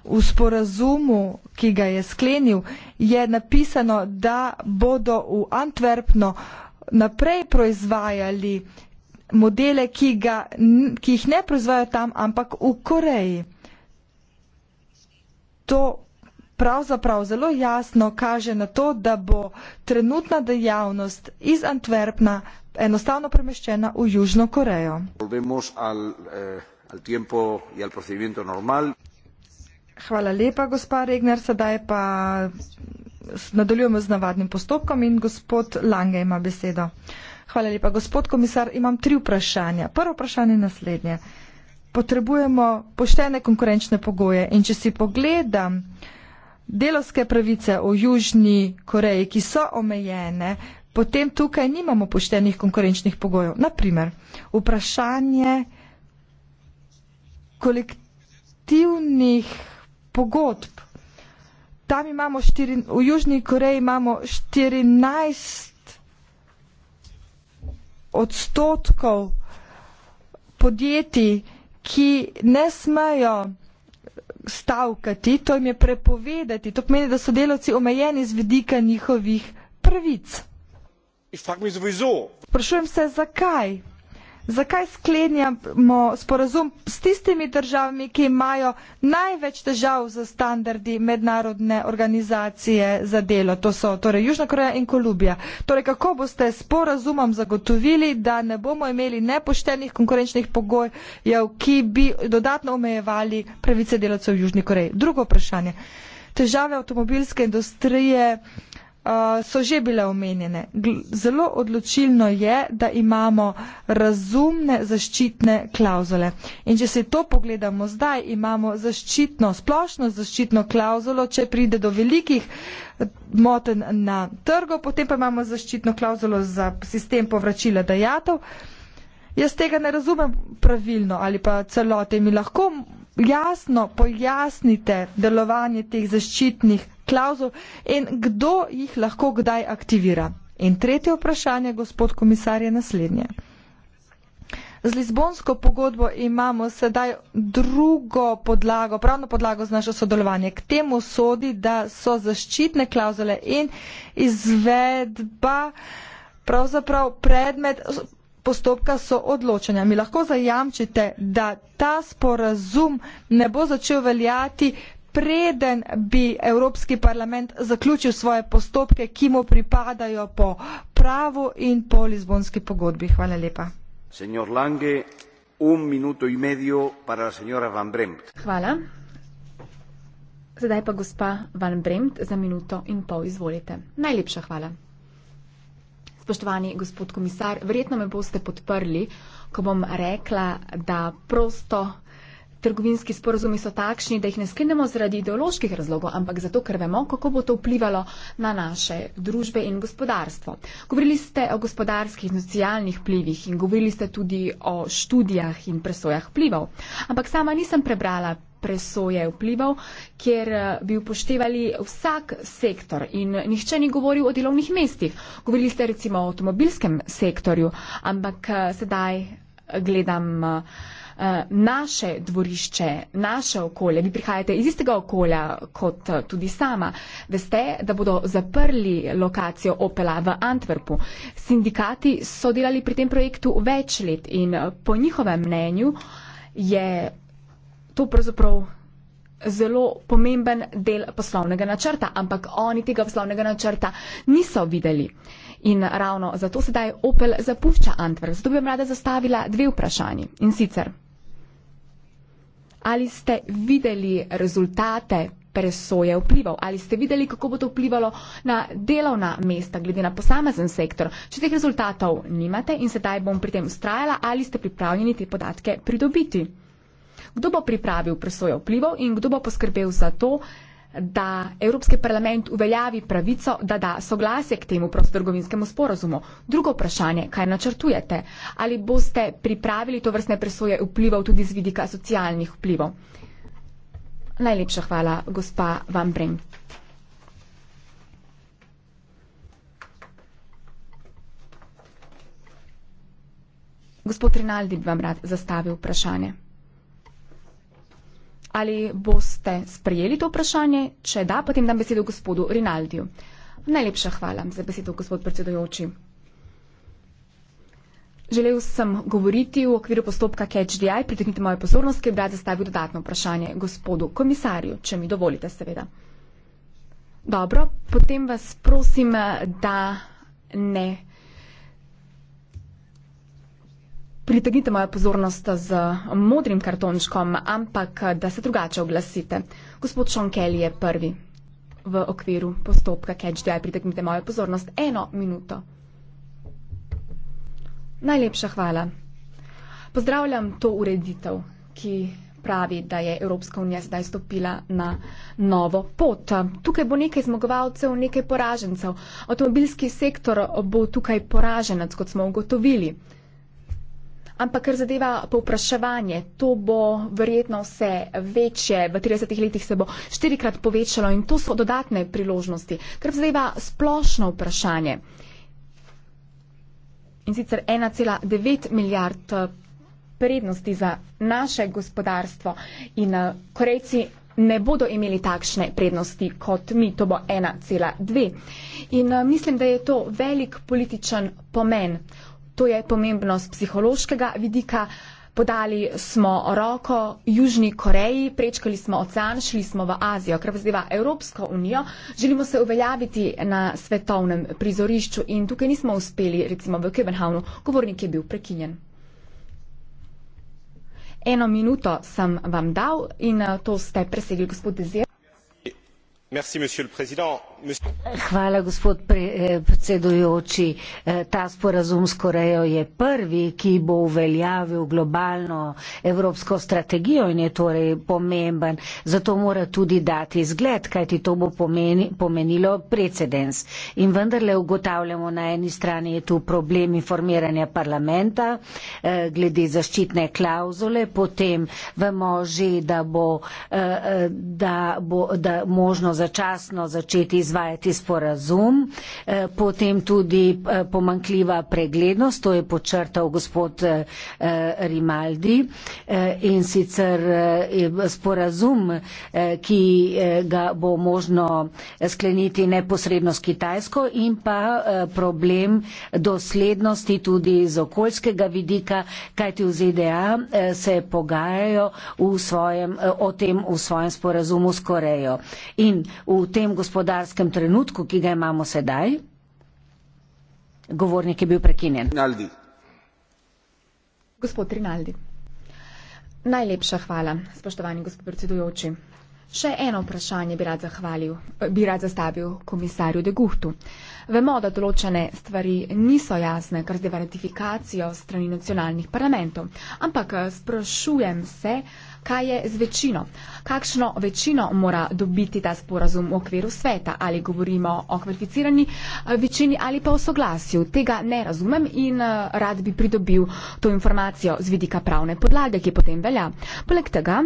V sporazumu, ki ga je sklenil, je napisano, da bodo v Antwerpno naprej proizvajali modele, ki, ga, ki jih ne proizvajajo tam, ampak v Koreji to pravzaprav zelo jasno kaže na to, da bo trenutna dejavnost iz Antwerpna enostavno premeščena v Južno Korejo. Eh, Hvala lepa, gospa Regner. Sedaj pa nadaljujemo z navadnim postopkom in gospod Lange ima besedo. Hvala lepa, gospod komisar. Imam tri vprašanja. Prvo vprašanje je naslednje potrebujemo poštene konkurenčne pogoje. In če si pogledam delovske pravice v Južni Koreji, ki so omejene, potem tukaj nimamo poštenih konkurenčnih pogojev. Naprimer, vprašanje kolektivnih pogodb. Tam imamo štiri, v Južni Koreji imamo 14 odstotkov podjetij, ki ne smejo stavkati, to jim je prepovedati. To pomeni, da so delavci omejeni z vidika njihovih pravic. Sprašujem se, zakaj? zakaj sklenjamo sporazum s tistimi državami, ki imajo največ težav za standardi mednarodne organizacije za delo. To so torej Južna Koreja in Kolumbija. Torej, kako boste sporazumom zagotovili, da ne bomo imeli nepoštenih konkurenčnih pogojev, ki bi dodatno omejevali pravice delavcev v Južni Koreji? Drugo vprašanje. Težave avtomobilske industrije. Eh, so že bile omenjene. Zelo odločilno je, da imamo razumne zaščitne klauzule. In če se to pogledamo zdaj, imamo zaščitno, splošno zaščitno klauzulo, če pride do velikih eh, moten na trgu, potem pa imamo zaščitno klauzulo za sistem povračila dajatov. Jaz tega ne razumem pravilno ali pa celote. Mi lahko jasno pojasnite delovanje teh zaščitnih klauzul in kdo jih lahko kdaj aktivira. In tretje vprašanje, gospod komisar, je naslednje. Z Lizbonsko pogodbo imamo sedaj drugo podlago, pravno podlago za naše sodelovanje. K temu sodi, da so zaščitne klauzule in izvedba pravzaprav predmet postopka so odločanja. Mi lahko zajamčite, da ta sporazum ne bo začel veljati preden bi Evropski parlament zaključil svoje postopke, ki mu pripadajo po pravu in po Lizbonski pogodbi. Hvala lepa. Lange, para Van Bremt. Hvala. Sedaj pa gospa Van Bremt za minuto in pol izvolite. Najlepša hvala. Spoštovani gospod komisar, verjetno me boste podprli, ko bom rekla, da prosto trgovinski sporozumi so takšni, da jih ne sklenemo zaradi ideoloških razlogov, ampak zato, ker vemo, kako bo to vplivalo na naše družbe in gospodarstvo. Govorili ste o gospodarskih in socialnih plivih in govorili ste tudi o študijah in presojah plivov. Ampak sama nisem prebrala presoje vplival, kjer eh, bi upoštevali vsak sektor in nihče ni govoril o delovnih mestih. Govorili ste recimo o avtomobilskem sektorju, ampak eh, sedaj eh, gledam uh, Eh, naše dvorišče, naše okolje, vi prihajate iz istega okolja kot eh, tudi sama, veste, da bodo zaprli lokacijo Opela v Antwerpu. Sindikati so delali pri tem projektu več let in eh, po njihovem mnenju je to pravzaprav zelo pomemben del poslovnega načrta, ampak oni tega poslovnega načrta niso videli. Uh, In ravno zato sedaj Opel zapušča Antwerp. Zato bi vam rada zastavila dve vprašanji. In sicer, ali ste videli rezultate presoje vplival? Ali ste videli, kako bo to vplivalo na delovna mesta, glede na posamezen sektor? Če teh rezultatov nimate in sedaj bom pri tem ustrajala, ali ste pripravljeni te podatke pridobiti? Kdo bo pripravil presojo vplival in kdo bo poskrbel za to, da Evropski parlament uveljavi pravico, da da soglasje k temu prostorgovinskemu sporozumu. Drugo vprašanje, kaj načrtujete? Ali boste pripravili to vrstne presoje vplivov tudi z vidika socialnih vplivov? Najlepša hvala, gospa Van Brem. Gospod Rinaldi bi vam rad zastavil vprašanje. Ali boste sprejeli to vprašanje? Če da, potem dam besedo gospodu Rinaldiju. Najlepša hvala za besedo, gospod predsedojoči. Želel sem govoriti v okviru postopka CatchDI, pritegnite mojo pozornost, ki bi rad zastavil dodatno vprašanje gospodu komisarju, če mi dovolite seveda. Dobro, potem vas prosim, da ne. Pritegnite mojo pozornost z modrim kartončkom, ampak da se drugače oglasite. Gospod Sean Kelly je prvi v okviru postopka CatchDI. Pritegnite mojo pozornost eno minuto. Najlepša hvala. Pozdravljam to ureditev, ki pravi, da je Evropska unija zdaj stopila na novo pot. Tukaj bo nekaj zmagovalcev, nekaj poražencev. Avtomobilski sektor bo tukaj poraženec, kot smo ugotovili. Ampak kar zadeva povpraševanje, to bo verjetno vse večje, v 30 letih se bo štirikrat povečalo in to so dodatne priložnosti. Kar zadeva splošno vprašanje, in sicer 1,9 milijard eh, prednosti za naše gospodarstvo in eh, korejci ne bodo imeli takšne prednosti kot mi, to bo 1,2. In eh, mislim, da je to velik političen pomen to je pomembno z psihološkega vidika. Podali smo roko Južni Koreji, prečkali smo ocean, šli smo v Azijo, kar vzdeva Evropsko unijo. Želimo se uveljaviti na svetovnem prizorišču in tukaj nismo uspeli, recimo v Kebenhavnu, govornik je bil prekinjen. Eno minuto sem vam dal in eh, to ste presegli, gospod Dezir hvala gospod eh, predsedujoči eh, ta sporazum s korejo je prvi ki bo uveljavil globalno evropsko strategijo in je torej pomemben zato mora tudi dati zgled kajti to bo pomeni, pomenilo precedens in vendarle ugotavljamo na eni strani je tu problem informiranja parlamenta eh, glede zaščitne klauzule potem vemo že da bo da bo da možno začasno začeti izvajati sporazum, eh, potem tudi eh, pomankljiva preglednost, to je počrtal gospod eh, Rimaldi in sicer sporazum, ki ga bo možno skleniti neposredno s Kitajsko in pa problem doslednosti tudi z okoljskega vidika, kajti v ZDA se pogajajo v svojem, o tem v svojem sporazumu s Korejo. In v tem gospodarskem trenutku, ki ga imamo sedaj? Govornik je bil prekinjen. Rinaldi. Gospod Rinaldi. Najlepša hvala, spoštovani gospod predsedujoči. Še eno vprašanje bi rad, zahvalil, bi rad zastavil komisarju De Guhtu. Vemo, da določene stvari niso jasne, kar zdaj ratifikacijo strani nacionalnih parlamentov, ampak eh, sprašujem se, kaj je z večino. Kakšno večino mora dobiti ta sporazum v okviru sveta? Ali govorimo o kvalificirani eh, večini ali pa o soglasju? Tega ne razumem in eh, rad bi pridobil to informacijo z vidika pravne podlage, ki potem velja. Poleg tega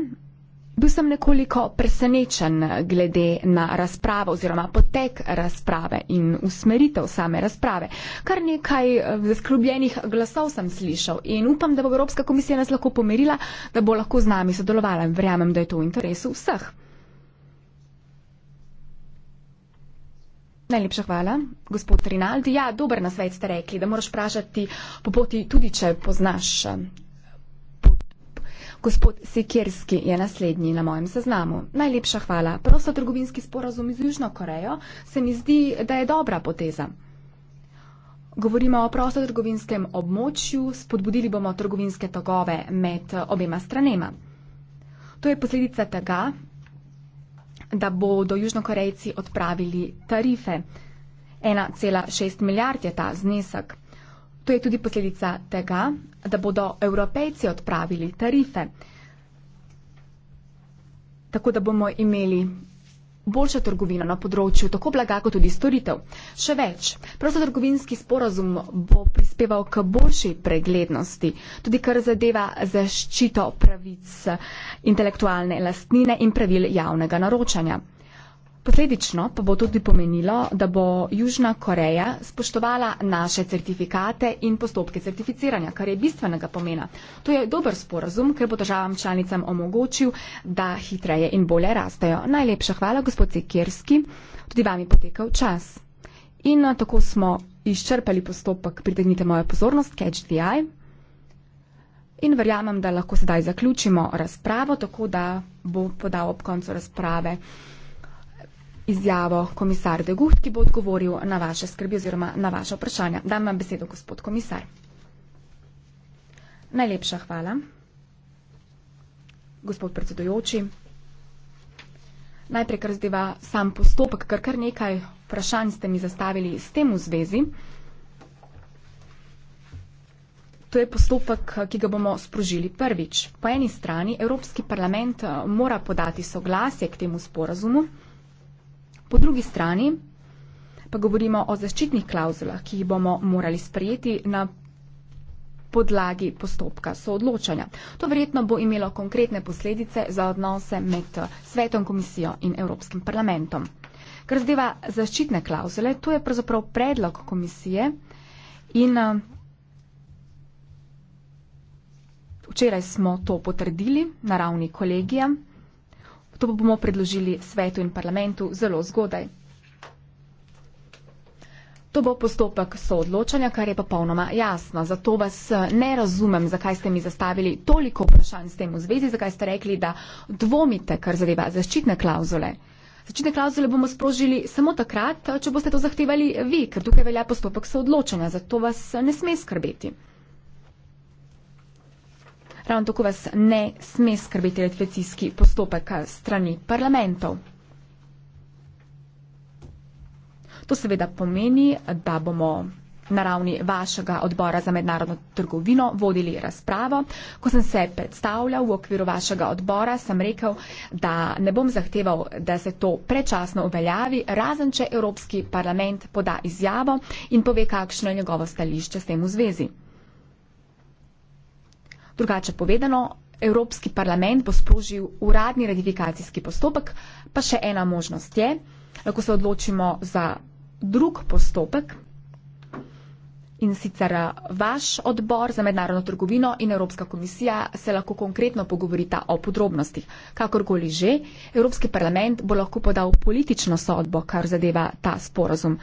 Bil sem nekoliko presenečen glede na razpravo oziroma potek razprave in usmeritev same razprave. Kar nekaj eh, zaskrbljenih glasov sem slišal in upam, da bo Evropska komisija nas lahko pomirila, da bo lahko z nami sodelovala in verjamem, da je to v interesu vseh. Najlepša hvala, gospod Rinaldi. Ja, dober nasvet ste rekli, da moraš vprašati po poti, tudi če poznaš eh, Gospod Sikirski je naslednji na mojem seznamu. Najlepša hvala. Prostotrgovinski sporazum z Južno Korejo se mi zdi, da je dobra poteza. Govorimo o prostotrgovinskem območju, spodbudili bomo trgovinske togove med obema stranema. To je posledica tega, da bodo Južnokorejci odpravili tarife. 1,6 milijard je ta znesek. To je tudi posledica tega, da bodo evropejci odpravili tarife, tako da bomo imeli boljšo trgovino na področju tako blaga kot tudi storitev. Še več, prostotrgovinski sporazum bo prispeval k boljši preglednosti, tudi kar zadeva zaščito pravic intelektualne lastnine in pravil javnega naročanja. Posledično pa bo tudi pomenilo, da bo Južna Koreja spoštovala naše certifikate in postopke certificiranja, kar je bistvenega pomena. To je dober sporazum, ker bo državam članicam omogočil, da hitreje in bolje rastejo. Najlepša hvala, gospod Sekerski, tudi vam je potekal čas. In eh, tako smo izčrpali postopek, pritegnite mojo pozornost, catch the eye. In verjamem, da lahko sedaj zaključimo razpravo, tako da bo podal ob koncu razprave izjavo komisar Degut, ki bo odgovoril na vaše skrbi oziroma na vaše vprašanja. Dam vam besedo, gospod komisar. Najlepša hvala. Gospod predsedujoči, najprej kar zdeva sam postopek, ker kar nekaj vprašanj ste mi zastavili s tem v zvezi. To je postopek, ki ga bomo sprožili prvič. Po eni strani Evropski parlament eh, mora podati soglasje k temu sporazumu. Po drugi strani pa govorimo o zaščitnih klauzulah, ki jih bomo morali sprejeti na podlagi postopka soodločanja. To verjetno bo imelo konkretne posledice za odnose med svetom komisijo in Evropskim parlamentom. Kar zdeva zaščitne klauzule, to je pravzaprav predlog komisije in eh, včeraj smo to potrdili na ravni kolegija. To pa bomo predložili svetu in parlamentu zelo zgodaj. To bo postopek soodločanja, kar je popolnoma jasno. Zato vas eh, ne razumem, zakaj ste mi zastavili toliko vprašanj s tem v zvezi, zakaj ste rekli, da dvomite, kar zadeva zaščitne klauzule. Začetne klauzule bomo sprožili samo takrat, eh, če boste to zahtevali vi, ker tukaj velja postopek soodločanja, zato vas eh, ne sme skrbeti. Ravno tako vas ne sme skrbeti retrecijski postopek strani parlamentov. To seveda pomeni, da bomo na ravni vašega odbora za mednarodno trgovino vodili razpravo. Ko sem se predstavljal v okviru vašega odbora, sem rekel, da ne bom zahteval, da se to prečasno uveljavi, razen če Evropski parlament poda izjavo in pove, kakšno je njegovo stališče s tem v zvezi. Drugače povedano, Evropski parlament bo sprožil uradni ratifikacijski postopek, pa še ena možnost je, lahko se odločimo za drug postopek in sicer vaš odbor za mednarodno trgovino in Evropska komisija se lahko konkretno pogovorita o podrobnostih. Kakorkoli že, Evropski parlament bo lahko podal politično sodbo, kar zadeva ta sporazum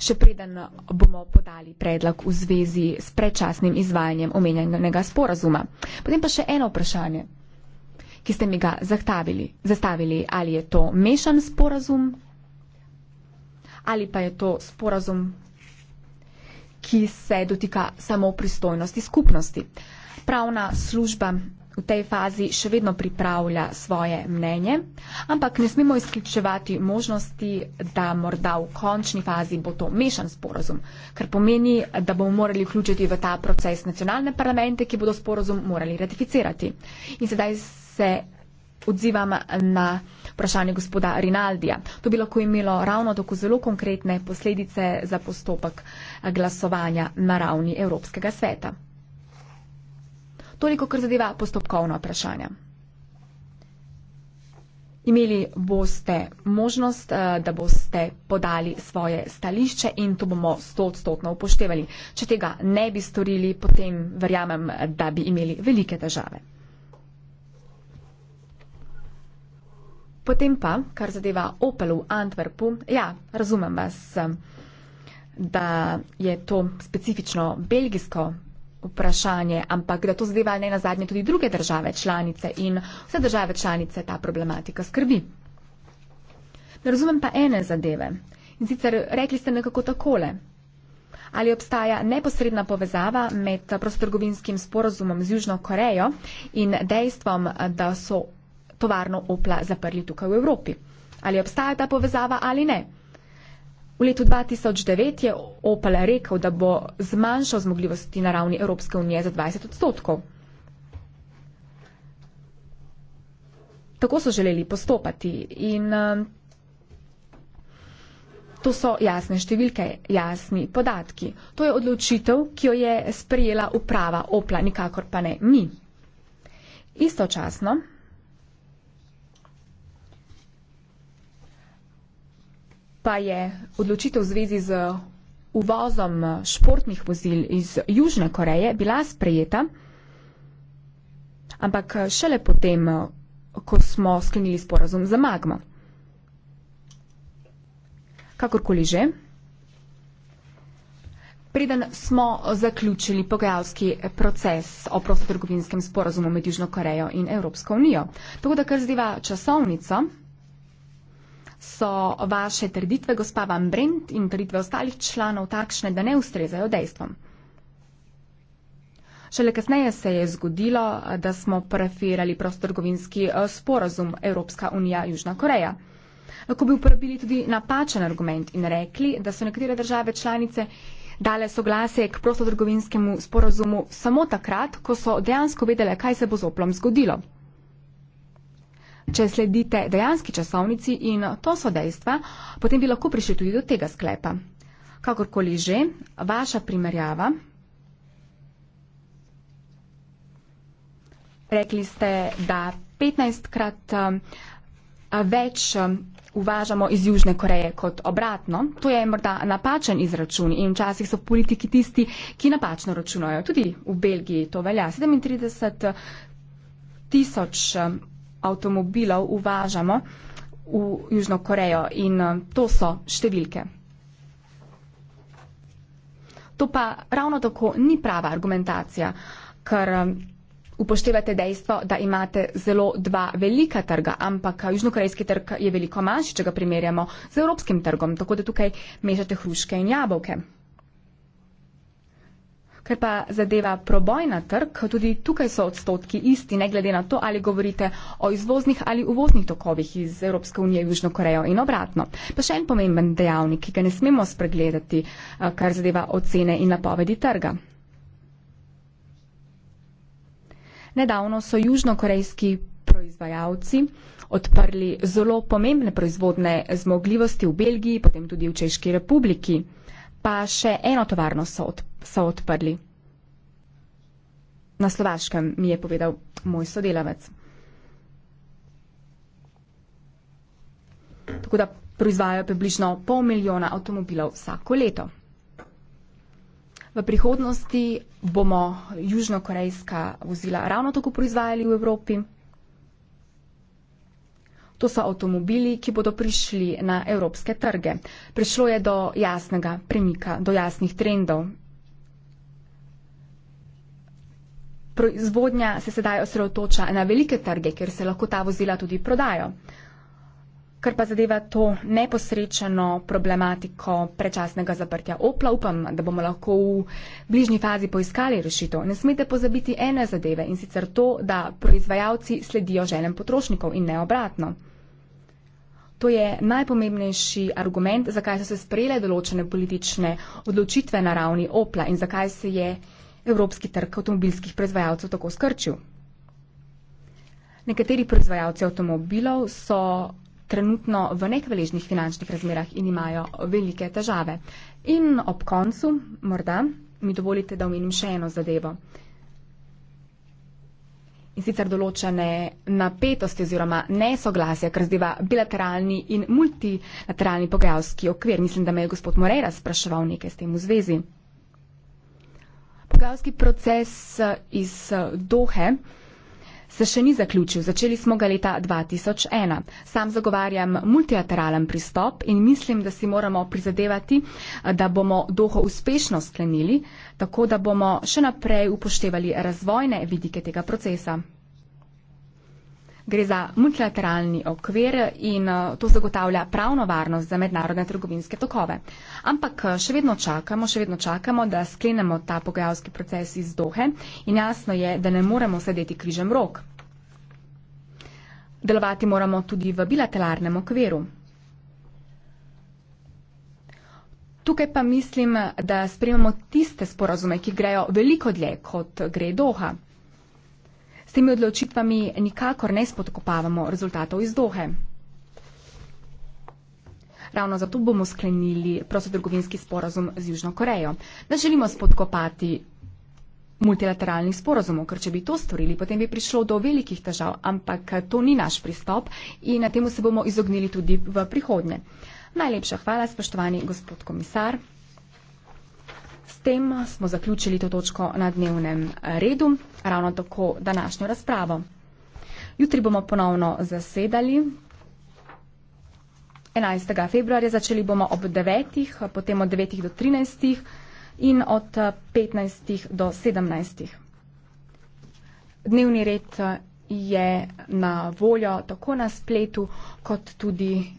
še preden bomo podali predlog v zvezi s predčasnim izvajanjem omenjenega sporazuma. Potem pa še eno vprašanje, ki ste mi ga zahtavili, zastavili, ali je to mešan sporazum ali pa je to sporazum ki se dotika samo pristojnosti skupnosti. Pravna služba v tej fazi še vedno pripravlja svoje mnenje, ampak ne smemo izključevati možnosti, da morda v končni fazi bo to mešan sporozum, kar pomeni, da bomo morali vključiti v ta proces nacionalne parlamente, ki bodo sporozum morali ratificirati. In sedaj se odzivam na vprašanje gospoda Rinaldija. To bi lahko imelo ravno tako zelo konkretne posledice za postopek glasovanja na ravni Evropskega sveta. Toliko, kar zadeva postopkovno vprašanje. Imeli boste možnost, eh, da boste podali svoje stališče in to bomo stotstotno upoštevali. Če tega ne bi storili, potem verjamem, da bi imeli velike težave. Potem pa, kar zadeva Opel v Antwerpu, ja, razumem vas, eh, da je to specifično belgijsko vprašanje, ampak da to zadeva ne nazadnje tudi druge države članice in vse države članice ta problematika skrbi. Ne razumem pa ene zadeve. In sicer rekli ste nekako takole. Ali obstaja neposredna povezava med prostorgovinskim sporozumom z Južno Korejo in dejstvom, da so tovarno Opla zaprli tukaj v Evropi? Ali obstaja ta povezava ali ne? V letu 2009 je Opel rekel, da bo zmanjšal zmogljivosti na ravni Evropske unije za 20 odstotkov. Tako so želeli postopati in um, to so jasne številke, jasni podatki. To je odločitev, ki jo je sprejela uprava Opla, nikakor pa ne mi. Istočasno pa je odločitev v zvezi z uvozom športnih vozil iz Južne Koreje bila sprejeta, ampak šele potem, ko smo sklenili sporazum za magmo. Kakorkoli že, preden smo zaključili pogajalski proces o prostotrgovinskem sporazumu med Južno Korejo in Evropsko unijo. Tako da kar zdiva časovnico, so vaše trditve, gospa Van Brent, in trditve ostalih članov takšne, da ne ustrezajo dejstvom. Šele kasneje se je zgodilo, da smo parafirali prostorgovinski eh, sporazum Evropska unija-Južna Koreja. Lahko bi uporabili tudi napačen argument in rekli, da so nekatere države članice dale soglase k prostotrgovinskemu sporazumu samo takrat, ko so dejansko vedele, kaj se bo z oplom zgodilo. Če sledite dejanski časovnici in to so dejstva, potem bi lahko prišli tudi do tega sklepa. Kakorkoli že, vaša primerjava. Rekli ste, da 15-krat um, več um, uvažamo iz Južne Koreje kot obratno. To je morda napačen izračun in včasih so politiki tisti, ki napačno računajo. Tudi v Belgiji to velja. 37 um, tisoč avtomobilov uvažamo v Južno Korejo in eh, to so številke. To pa ravno tako ni prava argumentacija, ker eh, upoštevate dejstvo, da imate zelo dva velika trga, ampak eh, južnokorejski trg je veliko manjši, če ga primerjamo z evropskim trgom, tako da tukaj mešate hruške in jabolke. Ker pa zadeva proboj na trg, tudi tukaj so odstotki isti, ne glede na to, ali govorite o izvoznih ali uvoznih tokovih iz Evropske unije v Južno Korejo in obratno. Pa še en pomemben dejavnik, ki ga ne smemo spregledati, eh, kar zadeva ocene in napovedi trga. Nedavno so južnokorejski proizvajalci odprli zelo pomembne proizvodne zmogljivosti v Belgiji, potem tudi v Češki republiki pa še eno tovarno so, od, so odprli. Na slovaškem mi je povedal moj sodelavec. Tako da proizvajajo približno pol milijona avtomobilov vsako leto. V prihodnosti bomo južnokorejska vozila ravno tako proizvajali v Evropi, To so avtomobili, ki bodo prišli na evropske trge. Prišlo je do jasnega premika, do jasnih trendov. Proizvodnja se sedaj osredotoča na velike trge, kjer se lahko ta vozila tudi prodajo. Kar pa zadeva to neposrečeno problematiko prečasnega zaprtja Opla, upam, da bomo lahko v bližnji fazi poiskali rešitev. Ne smete pozabiti ene zadeve in sicer to, da proizvajalci sledijo željem potrošnikov in ne obratno. To je najpomembnejši argument, zakaj so se sprejele določene politične odločitve na ravni Opla in zakaj se je evropski trg avtomobilskih proizvajalcev tako skrčil. Nekateri proizvajalci avtomobilov so trenutno v nekvaležnih finančnih razmerah in imajo velike težave. In ob koncu, morda, mi dovolite, da omenim še eno zadevo in sicer določene napetosti oziroma nesoglasja, kar zdiva bilateralni in multilateralni pogajalski okvir. Mislim, da me je gospod Morera spraševal nekaj s tem v zvezi. Pogajalski proces eh, iz eh, Dohe se še ni zaključil. Začeli smo ga leta 2001. Sam zagovarjam multilateralen pristop in mislim, da si moramo prizadevati, da bomo doho uspešno sklenili, tako da bomo še naprej upoštevali razvojne vidike tega procesa. Gre za multilateralni okvir in eh, to zagotavlja pravno varnost za mednarodne trgovinske tokove. Ampak eh, še vedno čakamo, še vedno čakamo, da sklenemo ta pogajalski proces iz Dohe in jasno je, da ne moremo sedeti križem rok. Delovati moramo tudi v bilateralnem okviru. Tukaj pa mislim, da sprejemamo tiste sporazume, ki grejo veliko dlje, kot gre Doha. S temi odločitvami nikakor ne spodkopavamo rezultatov iz Dohe. Ravno zato bomo sklenili prostotrgovinski sporazum z Južno Korejo. Ne želimo spodkopati multilateralnih sporazumov, ker če bi to storili, potem bi prišlo do velikih težav, ampak to ni naš pristop in na temu se bomo izognili tudi v prihodnje. Najlepša hvala, spoštovani gospod komisar tem smo zaključili to točko na dnevnem eh, redu, ravno tako današnjo razpravo. Jutri bomo ponovno zasedali. 11. februarja začeli bomo ob 9. Eh, potem od 9. do 13. in od 15. Eh, do 17. Dnevni red je na voljo tako na spletu, kot tudi.